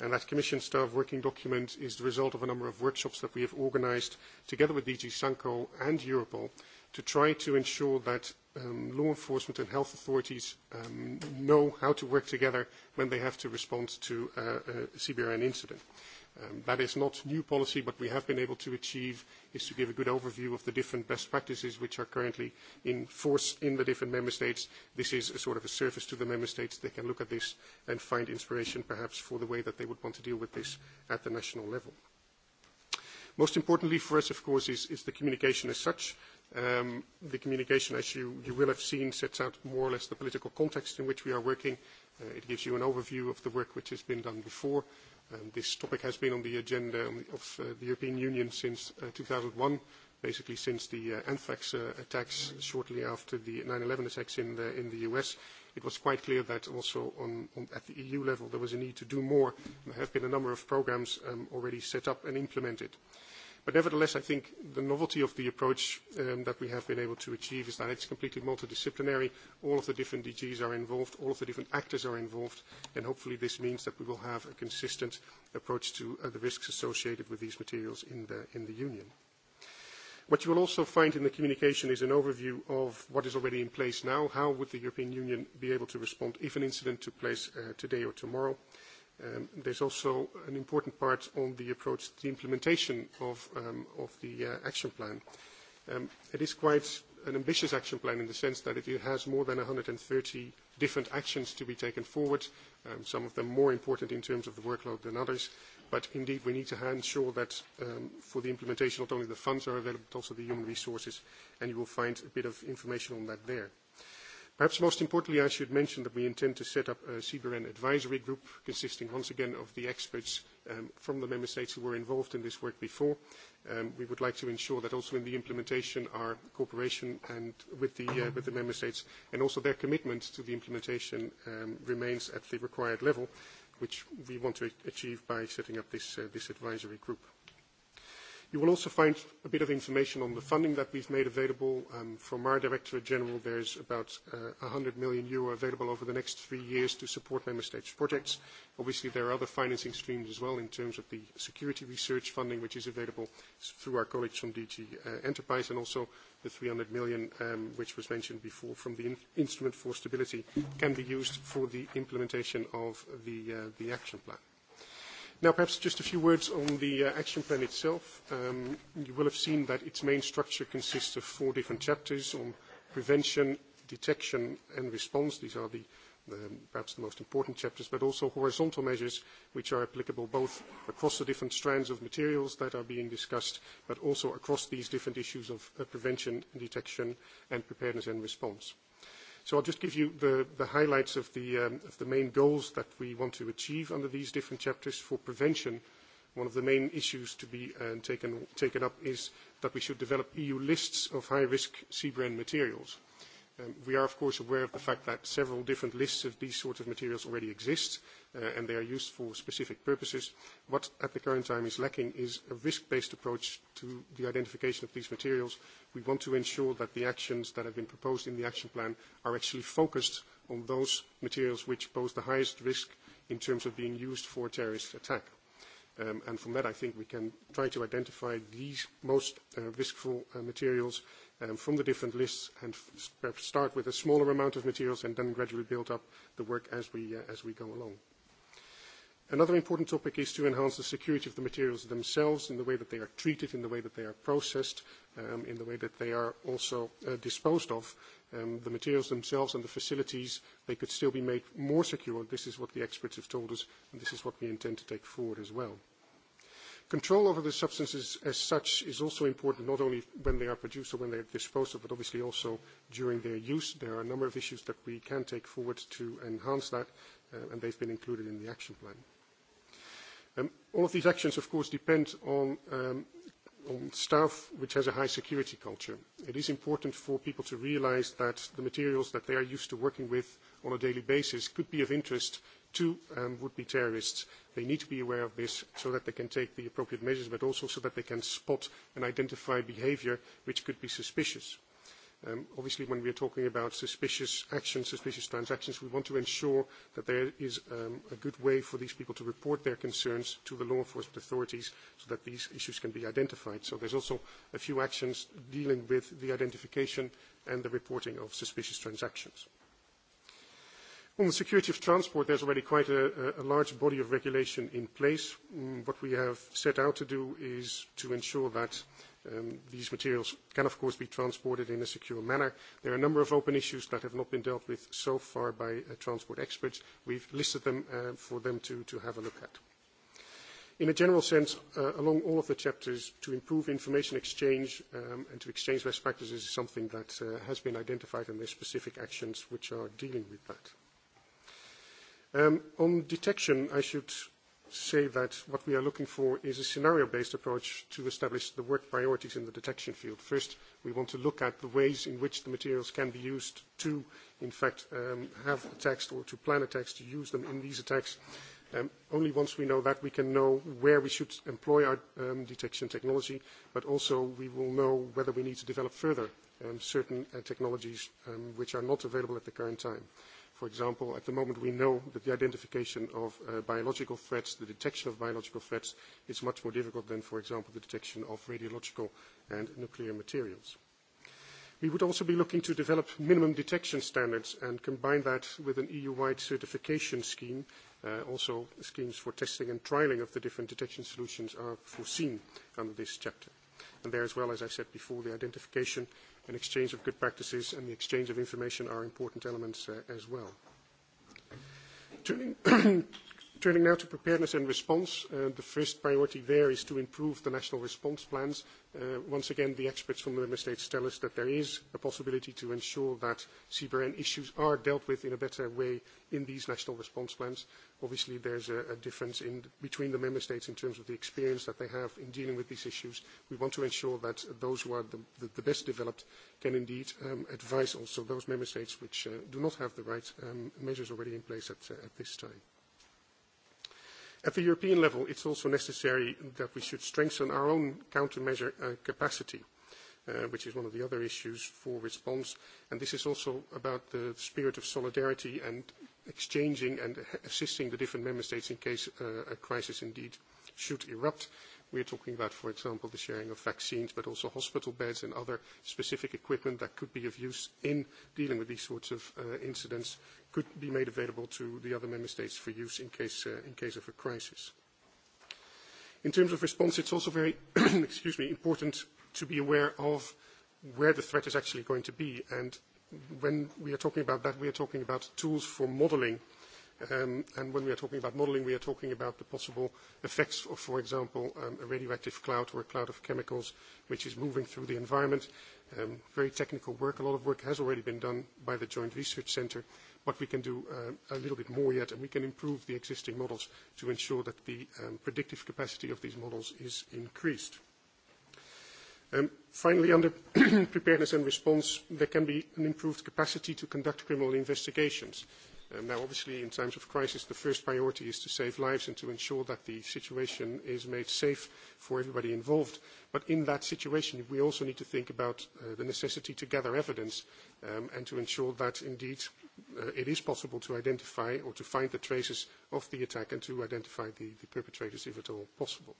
And that Commission staff working document is the result of a number of workshops that we have organised together with DG Sanco and Europol to try to ensure that um, law enforcement and health authorities um, know how to work together when they have to respond to uh, a CBRN incident. Um, that is not new policy, but we have been able to achieve is to give a good overview of the different best practices which are currently in force in the different member states. This is a sort of a service to the member states. They can look at this and find inspiration perhaps for the way that they would want to deal with this at the national level. Most importantly for us, of course, is, is the communication as such. Um, the communication, as you, you will have seen, sets out more or less the political context in which we are working. Uh, it gives you an overview of the work which has been done before, And um, this topic has been on the agenda of uh, the European Union since uh, 2001, basically since the uh, anthrax uh, attacks shortly after the 9-11 attacks in the, in the US. It was quite clear that also on, on, at the EU level there was a need to do more. There have been a number of programs um, already set up and implemented. But nevertheless, I think the novelty of the approach um, that we have been able to achieve is that it's completely multidisciplinary. All of the different DGs are involved, all of the different actors are involved, and hopefully this means that we will have a consistent approach to uh, the risks associated with these materials in the, in the Union. What you will also find in the communication is an overview of what is already in place now. How would the European Union be able to respond if an incident took place uh, today or tomorrow? Um, there's also an important part on the approach to the implementation of, um, of the uh, action plan. Um, it is quite an ambitious action plan in the sense that it has more than 130 different actions to be taken forward, um, some of them more important in terms of the workload than others. But indeed, we need to ensure that um, for the implementation, not only the funds are available, but also the human resources, and you will find a bit of information on that there. Perhaps most importantly, I should mention that we intend to set up a CBRN advisory group consisting once again of the experts um, from the member states who were involved in this work before. Um, we would like to ensure that also in the implementation our cooperation and with the, uh, with the member states and also their commitment to the implementation um, remains at the required level, which we want to achieve by setting up this, uh, this advisory group. You will also find a bit of information on the funding that we've made available. Um, from our Directorate General, there's about uh, 100 million euro available over the next three years to support member states' projects. Obviously, there are other financing streams as well in terms of the security research funding, which is available through our colleagues from DG uh, Enterprise, and also the 300 million, um, which was mentioned before, from the in Instrument for Stability, can be used for the implementation of the, uh, the action plan. Now, perhaps just a few words on the uh, action plan itself. Um, you will have seen that its main structure consists of four different chapters on prevention, detection, and response. These are the, the perhaps the most important chapters, but also horizontal measures, which are applicable both across the different strands of materials that are being discussed, but also across these different issues of uh, prevention, detection, and preparedness and response. So I'll just give you the, the highlights of the, um, of the main goals that we want to achieve under these different chapters. For prevention, one of the main issues to be uh, taken, taken up is that we should develop EU lists of high-risk CBRN materials. Um, we are, of course, aware of the fact that several different lists of these sorts of materials already exist, uh, and they are used for specific purposes. What at the current time is lacking is a risk-based approach to the identification of these materials. We want to ensure that the actions that have been proposed in the action plan are actually focused on those materials which pose the highest risk in terms of being used for a terrorist attack. Um, and from that, I think we can try to identify these most uh, riskful uh, materials um, from the different lists and start with a smaller amount of materials and then gradually build up the work as we, uh, as we go along. Another important topic is to enhance the security of the materials themselves in the way that they are treated, in the way that they are processed, um, in the way that they are also uh, disposed of. Um, the materials themselves and the facilities, they could still be made more secure. This is what the experts have told us, and this is what we intend to take forward as well. Control over the substances as such is also important, not only when they are produced or when they are disposed of, but obviously also during their use. There are a number of issues that we can take forward to enhance that, uh, and they've been included in the action plan. Um, all of these actions, of course, depend um, on, staff which has a high security culture. It is important for people to realise that the materials that they are used to working with on a daily basis could be of interest to um, would-be terrorists. They need to be aware of this so that they can take the appropriate measures, but also so that they can spot and identify behaviour which could be suspicious. Um, obviously, when we are talking about suspicious actions, suspicious transactions, we want to ensure that there is um, a good way for these people to report their concerns to the law enforcement authorities so that these issues can be identified. So there's also a few actions dealing with the identification and the reporting of suspicious transactions. On the security of transport, there's already quite a, a large body of regulation in place. Mm, what we have set out to do is to ensure that Um, these materials can, of course, be transported in a secure manner. There are a number of open issues that have not been dealt with so far by uh, transport experts. We've listed them uh, for them to, to have a look at. In a general sense, uh, along all of the chapters, to improve information exchange um, and to exchange best practices is something that uh, has been identified, and are specific actions which are dealing with that. Um, on detection, I should say that what we are looking for is a scenario-based approach to establish the work priorities in the detection field. First, we want to look at the ways in which the materials can be used to, in fact, um, have attacks or to plan attacks, to use them in these attacks. Um, only once we know that, we can know where we should employ our um, detection technology, but also we will know whether we need to develop further um, certain uh, technologies um, which are not available at the current time. For example, at the moment we know that the identification of uh, biological threats, the detection of biological threats, is much more difficult than, for example, the detection of radiological and nuclear materials. We would also be looking to develop minimum detection standards and combine that with an EU-wide certification scheme. Uh, also, schemes for testing and trialing of the different detection solutions are foreseen under this chapter. And there as well, as I said before, the identification and exchange of good practices and the exchange of information are important elements uh, as well. Turning <clears throat> Turning now to preparedness and response, uh, the first priority there is to improve the national response plans. Uh, once again, the experts from the member states tell us that there is a possibility to ensure that CBRN issues are dealt with in a better way in these national response plans. Obviously, there's a, a difference in, between the member states in terms of the experience that they have in dealing with these issues. We want to ensure that those who are the, the, the best developed can indeed um, advise also those member states which uh, do not have the right um, measures already in place at, uh, at this time. At the European level, it's also necessary that we should strengthen our own countermeasure uh, capacity, uh, which is one of the other issues for response. And this is also about the spirit of solidarity and exchanging and assisting the different member states in case uh, a crisis indeed should erupt. We are talking about, for example, the sharing of vaccines, but also hospital beds and other specific equipment that could be of use in dealing with these sorts of uh, incidents could be made available to the other member states for use in case, uh, in case of a crisis. In terms of response, it's also very <clears throat> excuse me, important to be aware of where the threat is actually going to be. And when we are talking about that, we are talking about tools for modeling – Um, and when we are talking about modelling, we are talking about the possible effects of, for example, um, a radioactive cloud or a cloud of chemicals which is moving through the environment. Um, very technical work. A lot of work has already been done by the Joint Research Centre, but we can do uh, a little bit more yet, and we can improve the existing models to ensure that the um, predictive capacity of these models is increased. Um, finally, under <clears throat> preparedness and response, there can be an improved capacity to conduct criminal investigations now, obviously, in times of crisis, the first priority is to save lives and to ensure that the situation is made safe for everybody involved. But in that situation, we also need to think about uh, the necessity to gather evidence um, and to ensure that, indeed, uh, it is possible to identify or to find the traces of the attack and to identify the, the perpetrators if at all possible.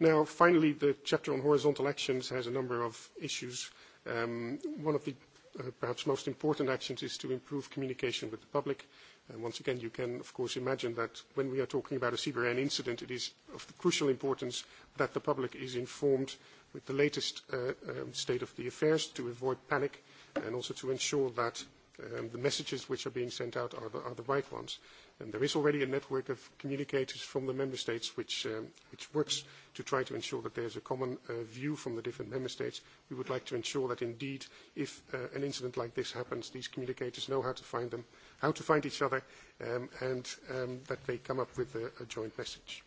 Now, finally, the chapter on horizontal actions has a number of issues. Um, one of the Uh, perhaps most important actions is to improve communication with the public. And once again, you can, of course, imagine that when we are talking about a CBRN incident, it is of crucial importance that the public is informed with the latest uh, um, state of the affairs to avoid panic and also to ensure that Um, the messages which are being sent out are the, are the right ones. And there is already a network of communicators from the member states which, um, which works to try to ensure that there's a common uh, view from the different member states. We would like to ensure that indeed, if uh, an incident like this happens, these communicators know how to find them, how to find each other, um, and um, that they come up with a, a joint message.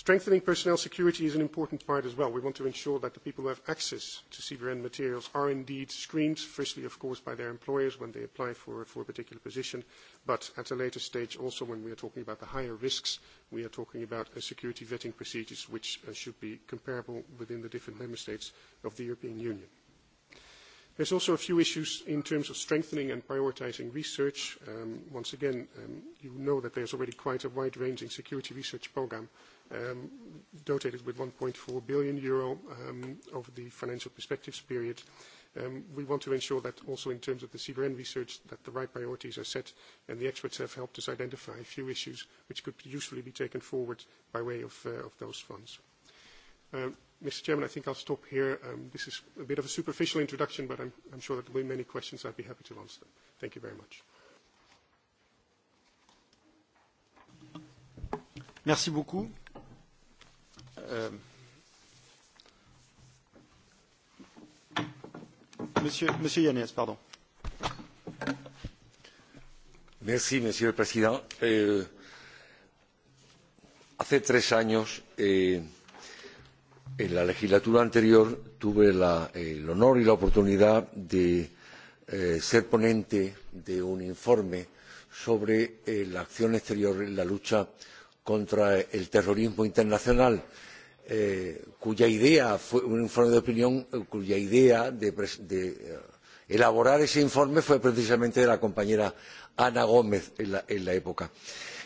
Strengthening personnel security is an important part as well. We want to ensure that the people who have access to CBRN materials are indeed screened, firstly, of course, by their employers when they apply for, for a particular position, but at a later stage, also when we are talking about the higher risks, we are talking about uh, security vetting procedures which uh, should be comparable within the different member states of the European Union. There's also a few issues in terms of strengthening and prioritizing research. Um, once again, um, you know that there's already quite a wide-ranging security research program um, dotated with 1.4 billion euro um, over the financial perspectives period. Um, we want to ensure that also in terms of the CBRN research, that the right priorities are set, and the experts have helped us identify a few issues which could usefully be taken forward by way of, uh, of those funds. Uh, um, Mr. Chairman, I think I'll stop here. Um, this is a bit of a superficial introduction, but I'm, I'm sure that there will be many questions. I'd be happy to answer them. Thank you very much. Merci beaucoup. Euh, Monsieur, Monsieur le Président. Eh, hace tres años, eh, en la legislatura anterior, tuve la, el honor y la oportunidad de eh, ser ponente de un informe sobre eh, la acción exterior en la lucha contra el terrorismo internacional. Eh, Eh, cuya idea fue un informe de opinión eh, cuya idea de, de eh, elaborar ese informe fue precisamente de la compañera Ana Gómez en la, en la época.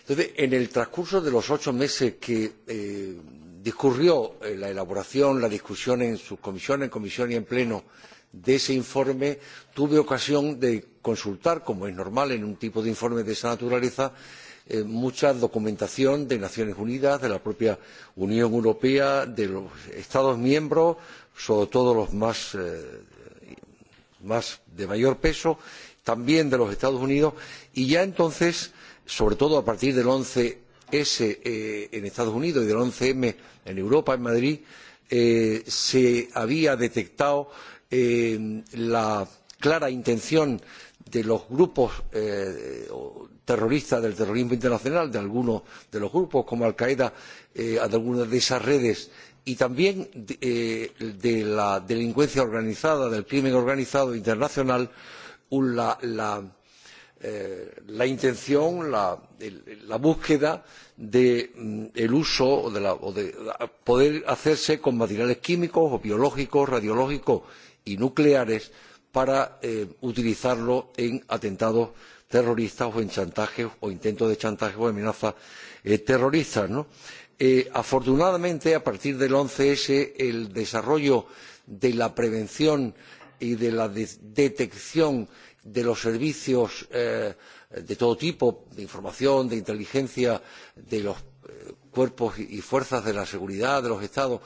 Entonces, en el transcurso de los ocho meses que eh, discurrió la elaboración, la discusión en sus comisiones, en comisión y en pleno de ese informe, tuve ocasión de consultar, como es normal en un tipo de informe de esa naturaleza, Eh, mucha documentación de las naciones unidas de la propia unión europea de los estados miembros sobre todo los eh, más, de mayor peso también de los estados unidos y ya entonces sobre todo a partir del once s eh, en los estados unidos y del once m en europa en madrid se había detectado la clara intención de de los grupos eh, terroristas del terrorismo internacional de algunos de los grupos como al qaeda eh, de algunas de esas redes y también de, eh, la delincuencia organizada del crimen organizado internacional la, intención la, búsqueda del de, mm, uso o de, poder hacerse con materiales químicos o biológicos radiológicos y nucleares para eh, utilizarlo en atentados terroristas o en chantajes o intentos de chantaje o amenazas eh, terroristas. ¿no? Eh, afortunadamente, a partir del once s el desarrollo de la prevención y de la de detección de los servicios eh, de todo tipo de información, de inteligencia, de los eh, cuerpos y fuerzas de la seguridad de los estados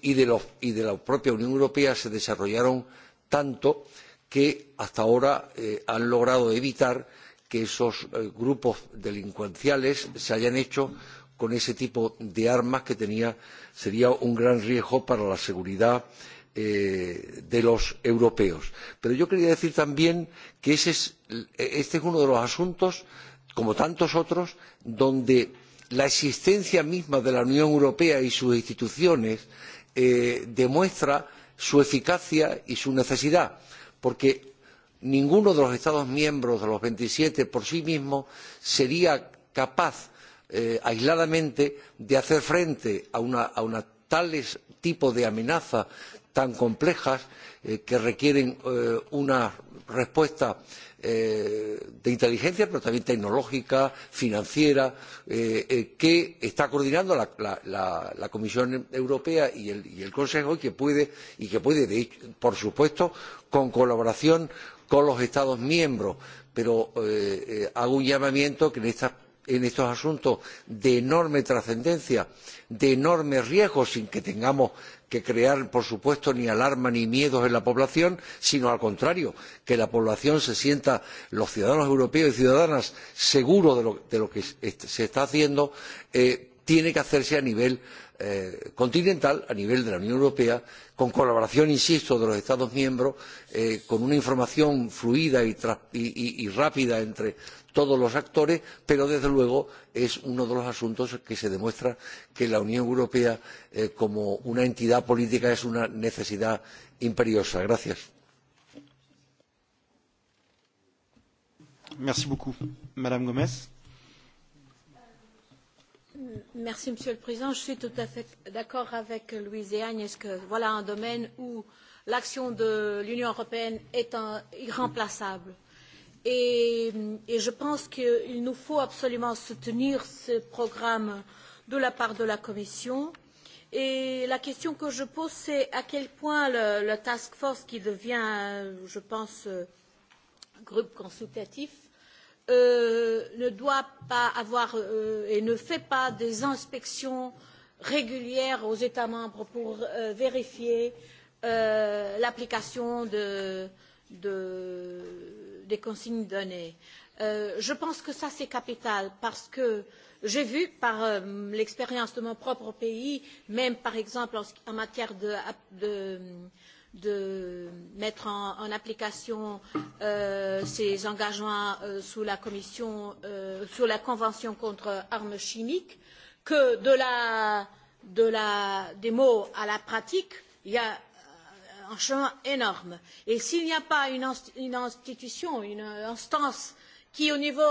y de, los, y de la propia unión europea se desarrollaron tanto que hasta ahora eh, han logrado evitar que esos eh, grupos delincuenciales se hayan hecho con ese tipo de armas que tenía, sería un gran riesgo para la seguridad eh, de los europeos. Pero yo quería decir también que ese es, este es uno de los asuntos, como tantos otros, donde la existencia misma de la Unión Europea y sus instituciones eh, demuestra su eficacia y su necesidad porque ninguno de los estados miembros de los veintisiete por sí mismo sería capaz eh, aisladamente de hacer frente a, un a una, tal tipo de amenaza tan complejas eh, que requieren eh, una respuesta eh, de inteligencia, pero también tecnológica, financiera, eh, eh, que está coordinando la, la, la, la Comisión Europea y el, y el, Consejo y que puede, y que puede de, por supuesto, con colaboración con los Estados miembros. Pero eh, hago un llamamiento que en estas en estos asuntos de enorme trascendencia de enorme riesgo, sin que tengamos que crear por supuesto ni alarma ni miedos en la población sino al contrario que la población se sienta los ciudadanos europeos y ciudadanas seguros de lo, de lo que se está haciendo eh, tiene que hacerse a nivel Eh, continental a nivel de la Unión Europea, con colaboración, insisto, de los Estados miembros, eh, con una información fluida y, rápida entre todos los actores, pero desde luego es uno de los asuntos en que se demuestra que la Unión Europea eh, como una entidad política es una necesidad imperiosa. Gracias. Merci, Monsieur le Président. Je suis tout à fait d'accord avec Louise et Agnès que voilà un domaine où l'action de l'Union européenne est irremplaçable. Et, et je pense qu'il nous faut absolument soutenir ce programme de la part de la Commission. Et la question que je pose, c'est à quel point le, le task force qui devient, je pense, euh, groupe consultatif, euh, ne doit pas avoir euh, et ne fait pas des inspections régulières aux États membres pour euh, vérifier euh, l'application de, de, des consignes données. Euh, je pense que ça c'est capital parce que j'ai vu par euh, l'expérience de mon propre pays, même par exemple en, en matière de, de de mettre en, en application euh, ces engagements euh, sous, la commission, euh, sous la Convention contre armes chimiques, que de la, de la, des mots à la pratique, il y a euh, un chemin énorme. Et s'il n'y a pas une, une institution, une instance qui, au niveau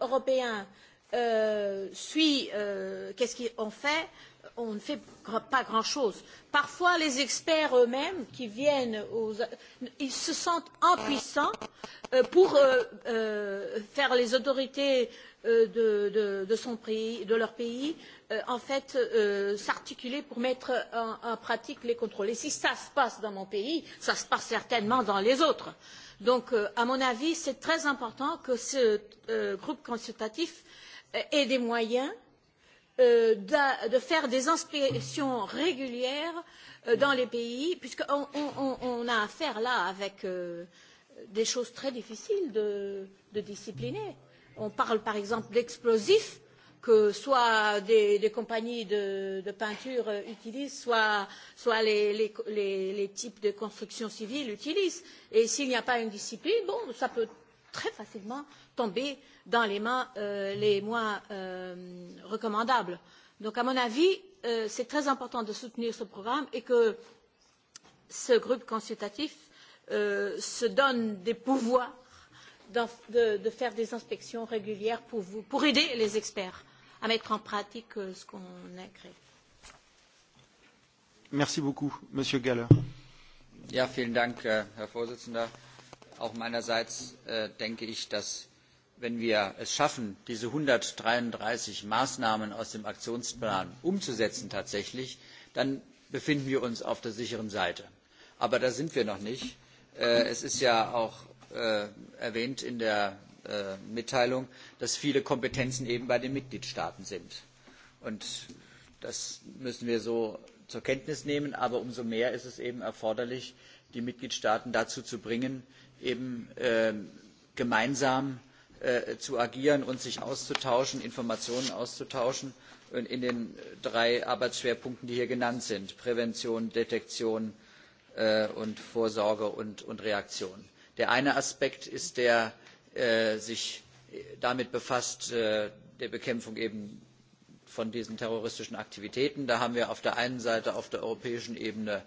européen, euh, suit euh, qu'est-ce qu'on fait, on ne fait pas grand chose. Parfois, les experts eux mêmes qui viennent aux... ils se sentent impuissants euh, pour euh, euh, faire les autorités de, de, de, son pays, de leur pays en fait s'articuler pour mettre en, en, pratique les contrôles. Et si cela se passe dans mon pays, cela se passe certainement dans les autres. Donc, à mon avis, c'est très important que ce groupe consultatif ait des moyens Euh, de faire des inspections régulières euh, dans les pays puisqu'on on, on a affaire là avec euh, des choses très difficiles de, de discipliner. On parle par exemple d'explosifs que soit des, des compagnies de, de peinture utilisent, soit, soit les, les, les, les types de construction civile utilisent. Et s'il n'y a pas une discipline, bon, ça peut très facilement tomber dans les mains euh, les moins euh, recommandables. donc à mon avis euh, c'est très important de soutenir ce programme et que ce groupe consultatif euh, se donne des pouvoirs de, de faire des inspections régulières pour, vous, pour aider les experts à mettre en pratique euh, ce qu'on a créé. Merci beaucoup, Monsieur Galler. Ja, vielen Dank, äh, Herr Vorsitzender. Auch meinerseits äh, denke ich, dass wenn wir es schaffen, diese einhundertdreiunddreißig Maßnahmen aus dem Aktionsplan umzusetzen tatsächlich, dann befinden wir uns auf der sicheren Seite. Aber da sind wir noch nicht. Äh, es ist ja auch äh, erwähnt in der äh, Mitteilung, dass viele Kompetenzen eben bei den Mitgliedstaaten sind. das müssen wir so zur Kenntnis nehmen. Aber umso mehr ist es eben erforderlich, die Mitgliedstaaten dazu zu bringen, eben gemeinsam Äh, zu agieren und sich auszutauschen informationen auszutauschen in den drei arbeitsschwerpunkten die hier genannt sind prävention detektion äh, und vorsorge und, reaktion. der eine aspekt ist der äh, sich damit befasst der bekämpfung eben von diesen terroristischen aktivitäten. da haben wir auf der einen seite auf der europäischen ebene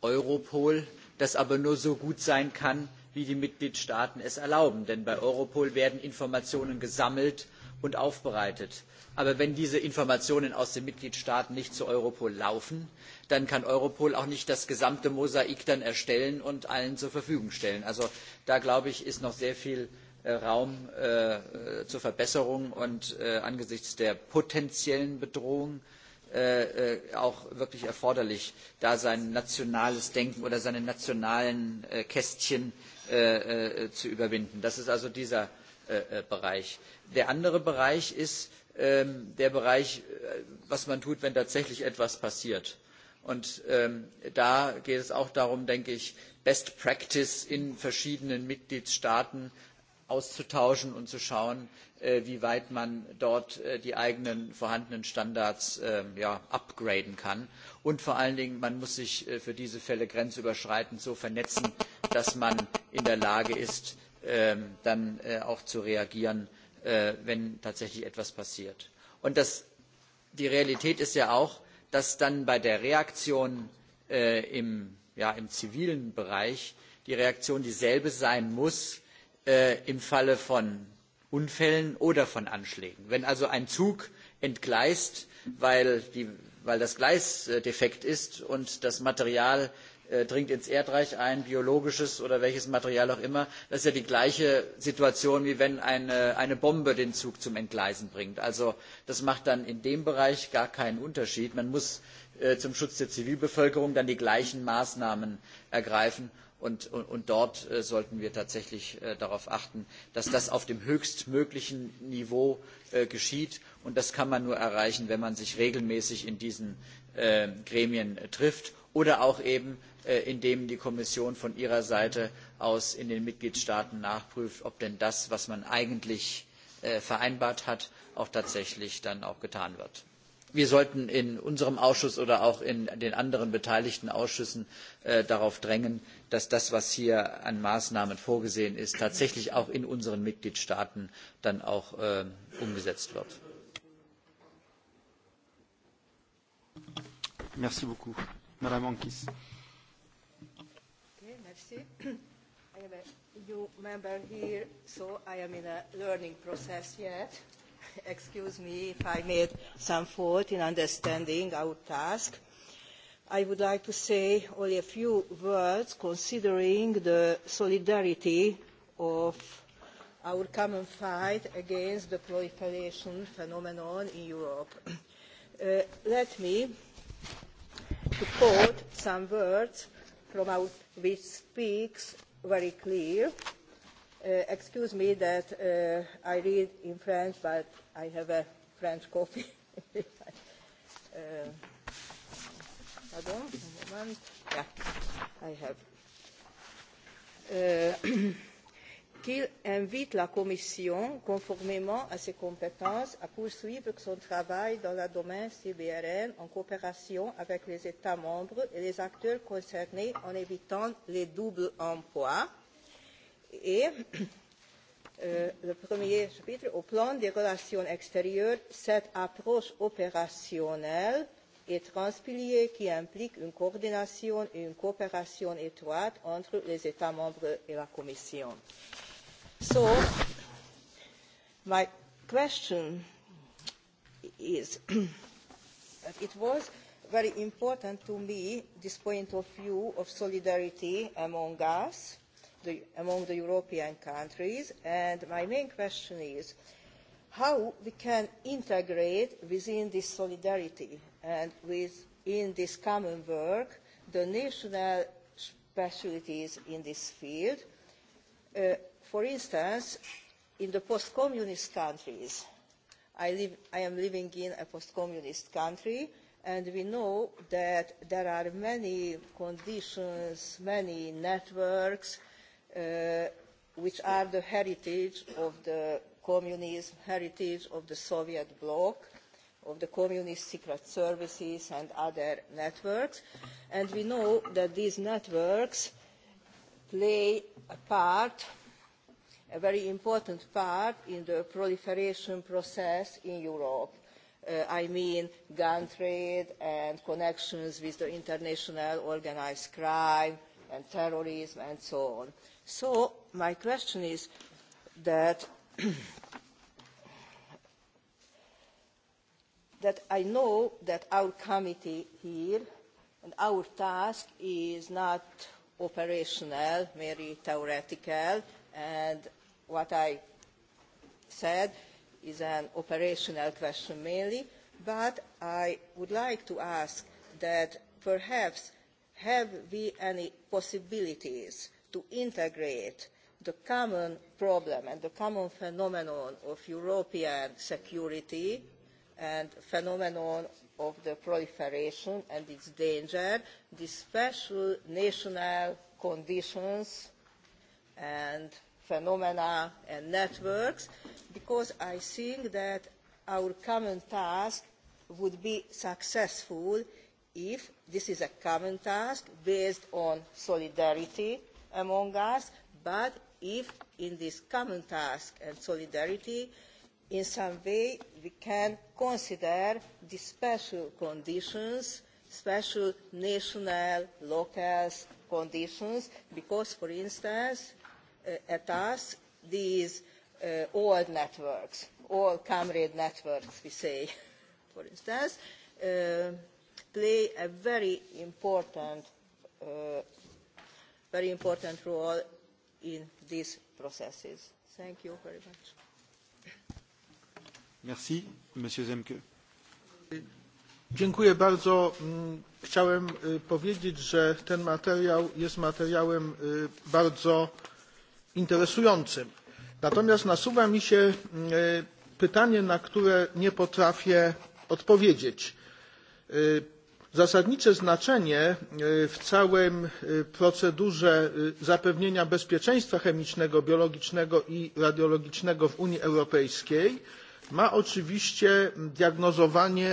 europol das aber nur so gut sein kann wie die Mitgliedstaaten es erlauben. Denn bei Europol werden Informationen gesammelt und aufbereitet. Aber wenn diese Informationen aus den Mitgliedstaaten nicht zu Europol laufen, dann kann Europol auch nicht das gesamte Mosaik erstellen und allen zur Verfügung stellen. Also da glaube ich, ist noch sehr viel äh, Raum äh, äh, zur Verbesserung und angesichts der potenziellen Bedrohung auch wirklich erforderlich, da sein nationales Denken oder seine nationalen Kästchen Äh, äh, zu überwinden. das ist also dieser äh, bereich. der andere bereich ist ähm, der bereich was man tut wenn tatsächlich etwas passiert. Und ähm, da geht es auch darum, denke ich, Best Practice in verschiedenen Mitgliedstaaten auszutauschen und zu schauen, wie weit man dort die eigenen vorhandenen Standards ähm, ja, upgraden kann. Und vor allen Dingen, man muss sich für diese Fälle grenzüberschreitend so vernetzen, dass man in der lage ist ähm, dann äh, auch zu reagieren äh, wenn tatsächlich etwas passiert. und die realität ist ja auch dass dann bei der reaktion äh, im, zivilen bereich die reaktion dieselbe sein muss im falle von unfällen oder von anschlägen. wenn also ein zug entgleist weil, weil das gleis defekt ist und das material Äh, dringt ins Erdreich ein, biologisches oder welches Material auch immer. Das ist ja die gleiche Situation, wie wenn eine, Bombe den Zug zum Entgleisen bringt. Also das macht dann in dem Bereich gar keinen Unterschied. Man muss äh, zum Schutz der Zivilbevölkerung dann die gleichen Maßnahmen ergreifen. Und, und, und dort äh, sollten wir tatsächlich darauf achten, dass das auf dem höchstmöglichen Niveau geschieht. Und das kann man nur erreichen, wenn man sich regelmäßig in diesen Gremien trifft oder auch eben Äh, in dem die kommission von ihrer seite aus in den mitgliedstaaten nachprüft ob denn das was man eigentlich äh, vereinbart hat auch tatsächlich dann auch getan wird. wir sollten in unserem ausschuss oder auch in den anderen beteiligten ausschüssen äh, darauf drängen dass das was hier an maßnahmen vorgesehen ist tatsächlich auch in unseren mitgliedstaaten dann auch umgesetzt wird. I am a new member here, so I am in a learning process yet. <laughs> Excuse me if I made some fault in understanding our task. I would like to say only a few words considering the solidarity of our common fight against the proliferation phenomenon in Europe. Uh, let me to quote some words from out which speaks very clear. Uh, excuse me that uh, I read in French, but I have a French copy. <laughs> uh, pardon, a moment. Yeah, I have. Uh, <clears throat> qu'il invite la Commission, conformément à ses compétences, à poursuivre son travail dans le domaine CBRN en coopération avec les États membres et les acteurs concernés en évitant les doubles emplois. Et euh, le premier chapitre, au plan des relations extérieures, cette approche opérationnelle et transpilier qui implique une coordination et une coopération étroite entre les États membres et la Commission so my question is <clears throat> that it was very important to me this point of view of solidarity among us the, among the european countries and my main question is how we can integrate within this solidarity and within this common work the national specialities in this field uh, for instance in the post communist countries I, live, I am living in a post communist country and we know that there are many conditions, many networks uh, which are the heritage of the communism, heritage of the Soviet bloc, of the communist secret services and other networks. And we know that these networks play a part a very important part in the proliferation process in Europe. Uh, I mean gun trade and connections with the international organised crime and terrorism and so on. So my question is that, <coughs> that I know that our committee here and our task is not operational, merely theoretical, and what I said is an operational question mainly, but I would like to ask that perhaps have we any possibilities to integrate the common problem and the common phenomenon of European security and phenomenon of the proliferation and its danger, the special national conditions and phenomena and networks because I think that our common task would be successful if this is a common task based on solidarity among us, but if in this common task and solidarity in some way we can consider the special conditions, special national, local conditions, because, for instance, at eh, us these uh, old networks, all comrade networks, we say, <laughs> for instance, uh, play a very important, uh, very important role in these processes. Thank you very much. Merci, Monsieur Zemke. Dziękuję bardzo. Mm, chciałem powiedzieć, że ten materiał jest materiałem bardzo interesującym. Natomiast nasuwa mi się mm, e, pytanie, na które nie potrafię odpowiedzieć. E, zasadnicze znaczenie e, w całej procedurze zapewnienia bezpieczeństwa chemicznego, biologicznego i radiologicznego w Unii Europejskiej ma oczywiście diagnozowanie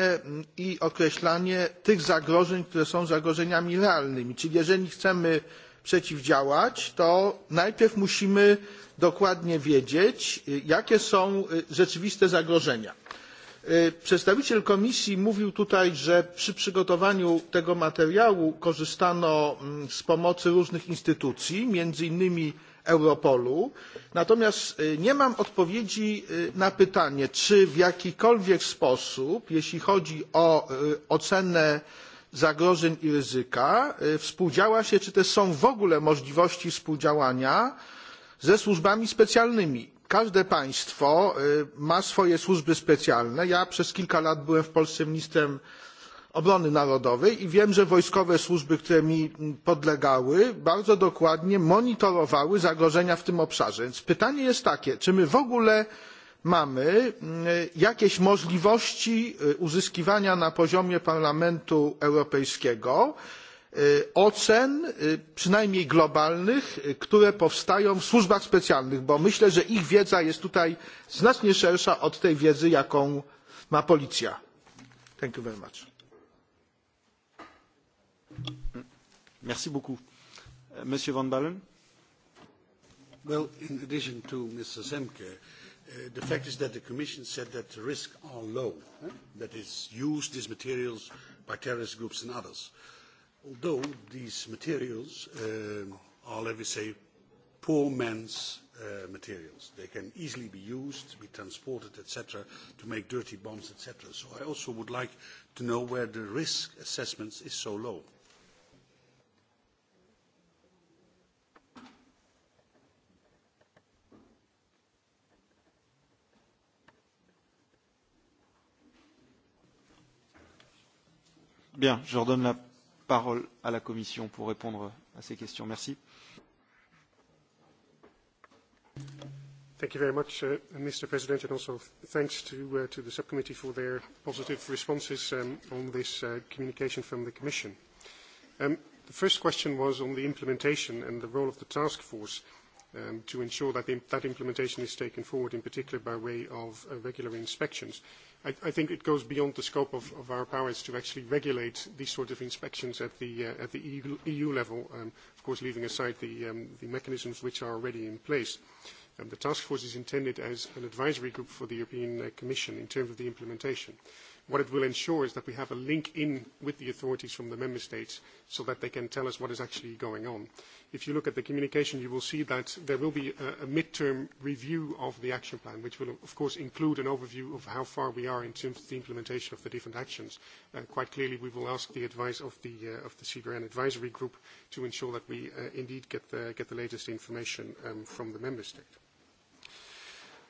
i określanie tych zagrożeń, które są zagrożeniami realnymi. Czyli jeżeli chcemy przeciwdziałać to najpierw musimy dokładnie wiedzieć jakie są rzeczywiste zagrożenia. przedstawiciel komisji mówił tutaj że przy przygotowaniu tego materiału korzystano mm, z pomocy różnych instytucji między innymi europolu natomiast nie mam odpowiedzi na pytanie czy w jakikolwiek sposób jeśli chodzi o ocenę zagrożeń i ryzyka współdziała się czy też są w ogóle możliwości współdziałania ze służbami specjalnymi. każde państwo ma swoje służby specjalne ja przez kilka lat byłem w polsce ministrem obrony narodowej i wiem że wojskowe służby które mi podlegały bardzo dokładnie monitorowały zagrożenia w tym obszarze. więc pytanie jest takie czy my w ogóle mamy mm, jakieś możliwości uzyskiwania na poziomie parlamentu europejskiego ocen przynajmniej globalnych które powstają w służbach specjalnych bo myślę że ich wiedza jest tutaj znacznie szersza od tej wiedzy jaką ma policja. well in addition to mr zemke Uh, the fact is that the Commission said that the risks are low, eh? that it's used, these materials, by terrorist groups and others. Although these materials uh, are, let me say, poor man's uh, materials. They can easily be used, be transported, etc., to make dirty bombs, etc. So I also would like to know where the risk assessment is so low. Bien, je redonne la parole à la Commission pour répondre à ces questions. Merci. Thank you very much, uh, Mr. President, and also thanks to, uh, to the subcommittee for their positive responses um, on this uh, communication from the Commission. Um, the first question was on the implementation and the role of the task force. Uh, um, to ensure that the, that implementation is taken forward, in particular by way of uh, regular inspections. I, I think it goes beyond the scope of, of our powers to actually regulate these sort of inspections at the, uh, at the EU, EU level, um, of course leaving aside the, um, the mechanisms which are already in place. Um, the task force is intended as an advisory group for the European uh, Commission in terms of the implementation. What it will ensure is that we have a link in with the authorities from the member states so that they can tell us what is actually going on. If you look at the communication, you will see that there will be a, mid midterm review of the action plan, which will, of course, include an overview of how far we are in terms of the implementation of the different actions. Uh, quite clearly, we will ask the advice of the, uh, CBRN advisory group to ensure that we uh, indeed get the, latest information um, from the member state.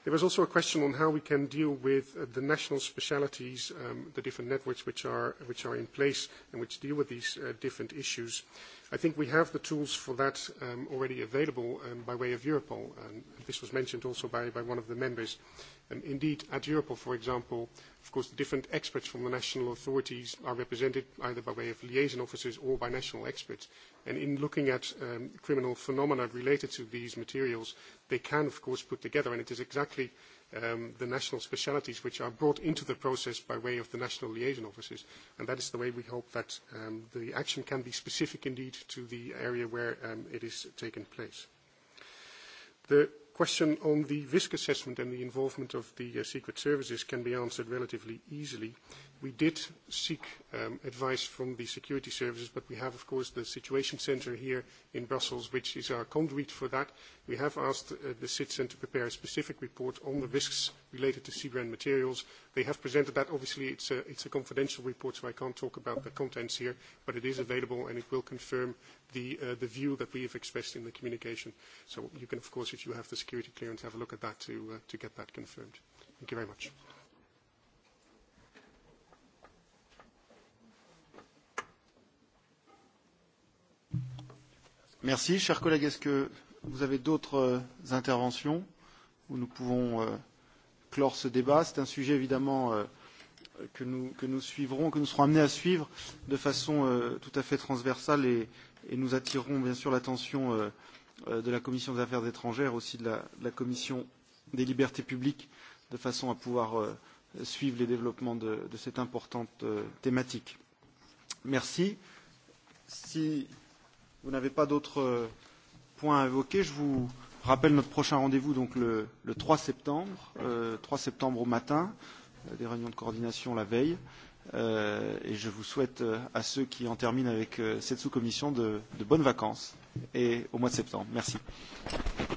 There was also a question on how we can deal with uh, the national specialities, um, the different networks which are, which are in place and which deal with these uh, different issues. I think we have the tools for that um, already available um, by way of Europol. and This was mentioned also by, by one of the members. Um, indeed, at Europol, for example, of course, the different experts from the national authorities are represented either by way of liaison officers or by national experts. And in looking at um, criminal phenomena related to these materials, they can, of course, put together, and it is exactly um, the national specialities which are brought into the process by way of the national liaison offices. And that is the way we hope that um, the action can be specific indeed to the area where um, it is taking place. The question on the risk assessment and the involvement of the uh, secret services can be answered relatively easily. We did seek um, advice from the security services, but we have, of course, the Situation Centre here in Brussels, which is our conduit for that. We have asked uh, the CITSEN to prepare a specific report on the risks related to CBRN materials. They have presented that. Obviously, it's a, it's a confidential report, so I can't talk about the contents here, but it is available, and it will confirm the, uh, the view that we have expressed in the communication. So you can, of course, if you have the security clearance, have a look at that to, uh, to get that confirmed. Thank you very much. Merci. Chers collègues, est-ce que vous avez d'autres euh, interventions où nous pouvons euh, clore ce débat C'est un sujet évidemment euh, que nous, que nous suivrons, que nous serons amenés à suivre de façon tout à fait transversale et, et nous attirerons bien sûr l'attention de la Commission des affaires étrangères, aussi de la, de la Commission des libertés publiques, de façon à pouvoir suivre les développements de, de cette importante thématique. Merci. Si vous n'avez pas d'autres euh, points à évoquer, je vous rappelle notre prochain rendez-vous donc le, le 3 septembre, euh, 3 septembre au matin, euh, des réunions de coordination la veille. Euh, et je vous souhaite euh, à ceux qui en terminent avec euh, cette sous-commission de, de bonnes vacances et au mois de septembre. Merci.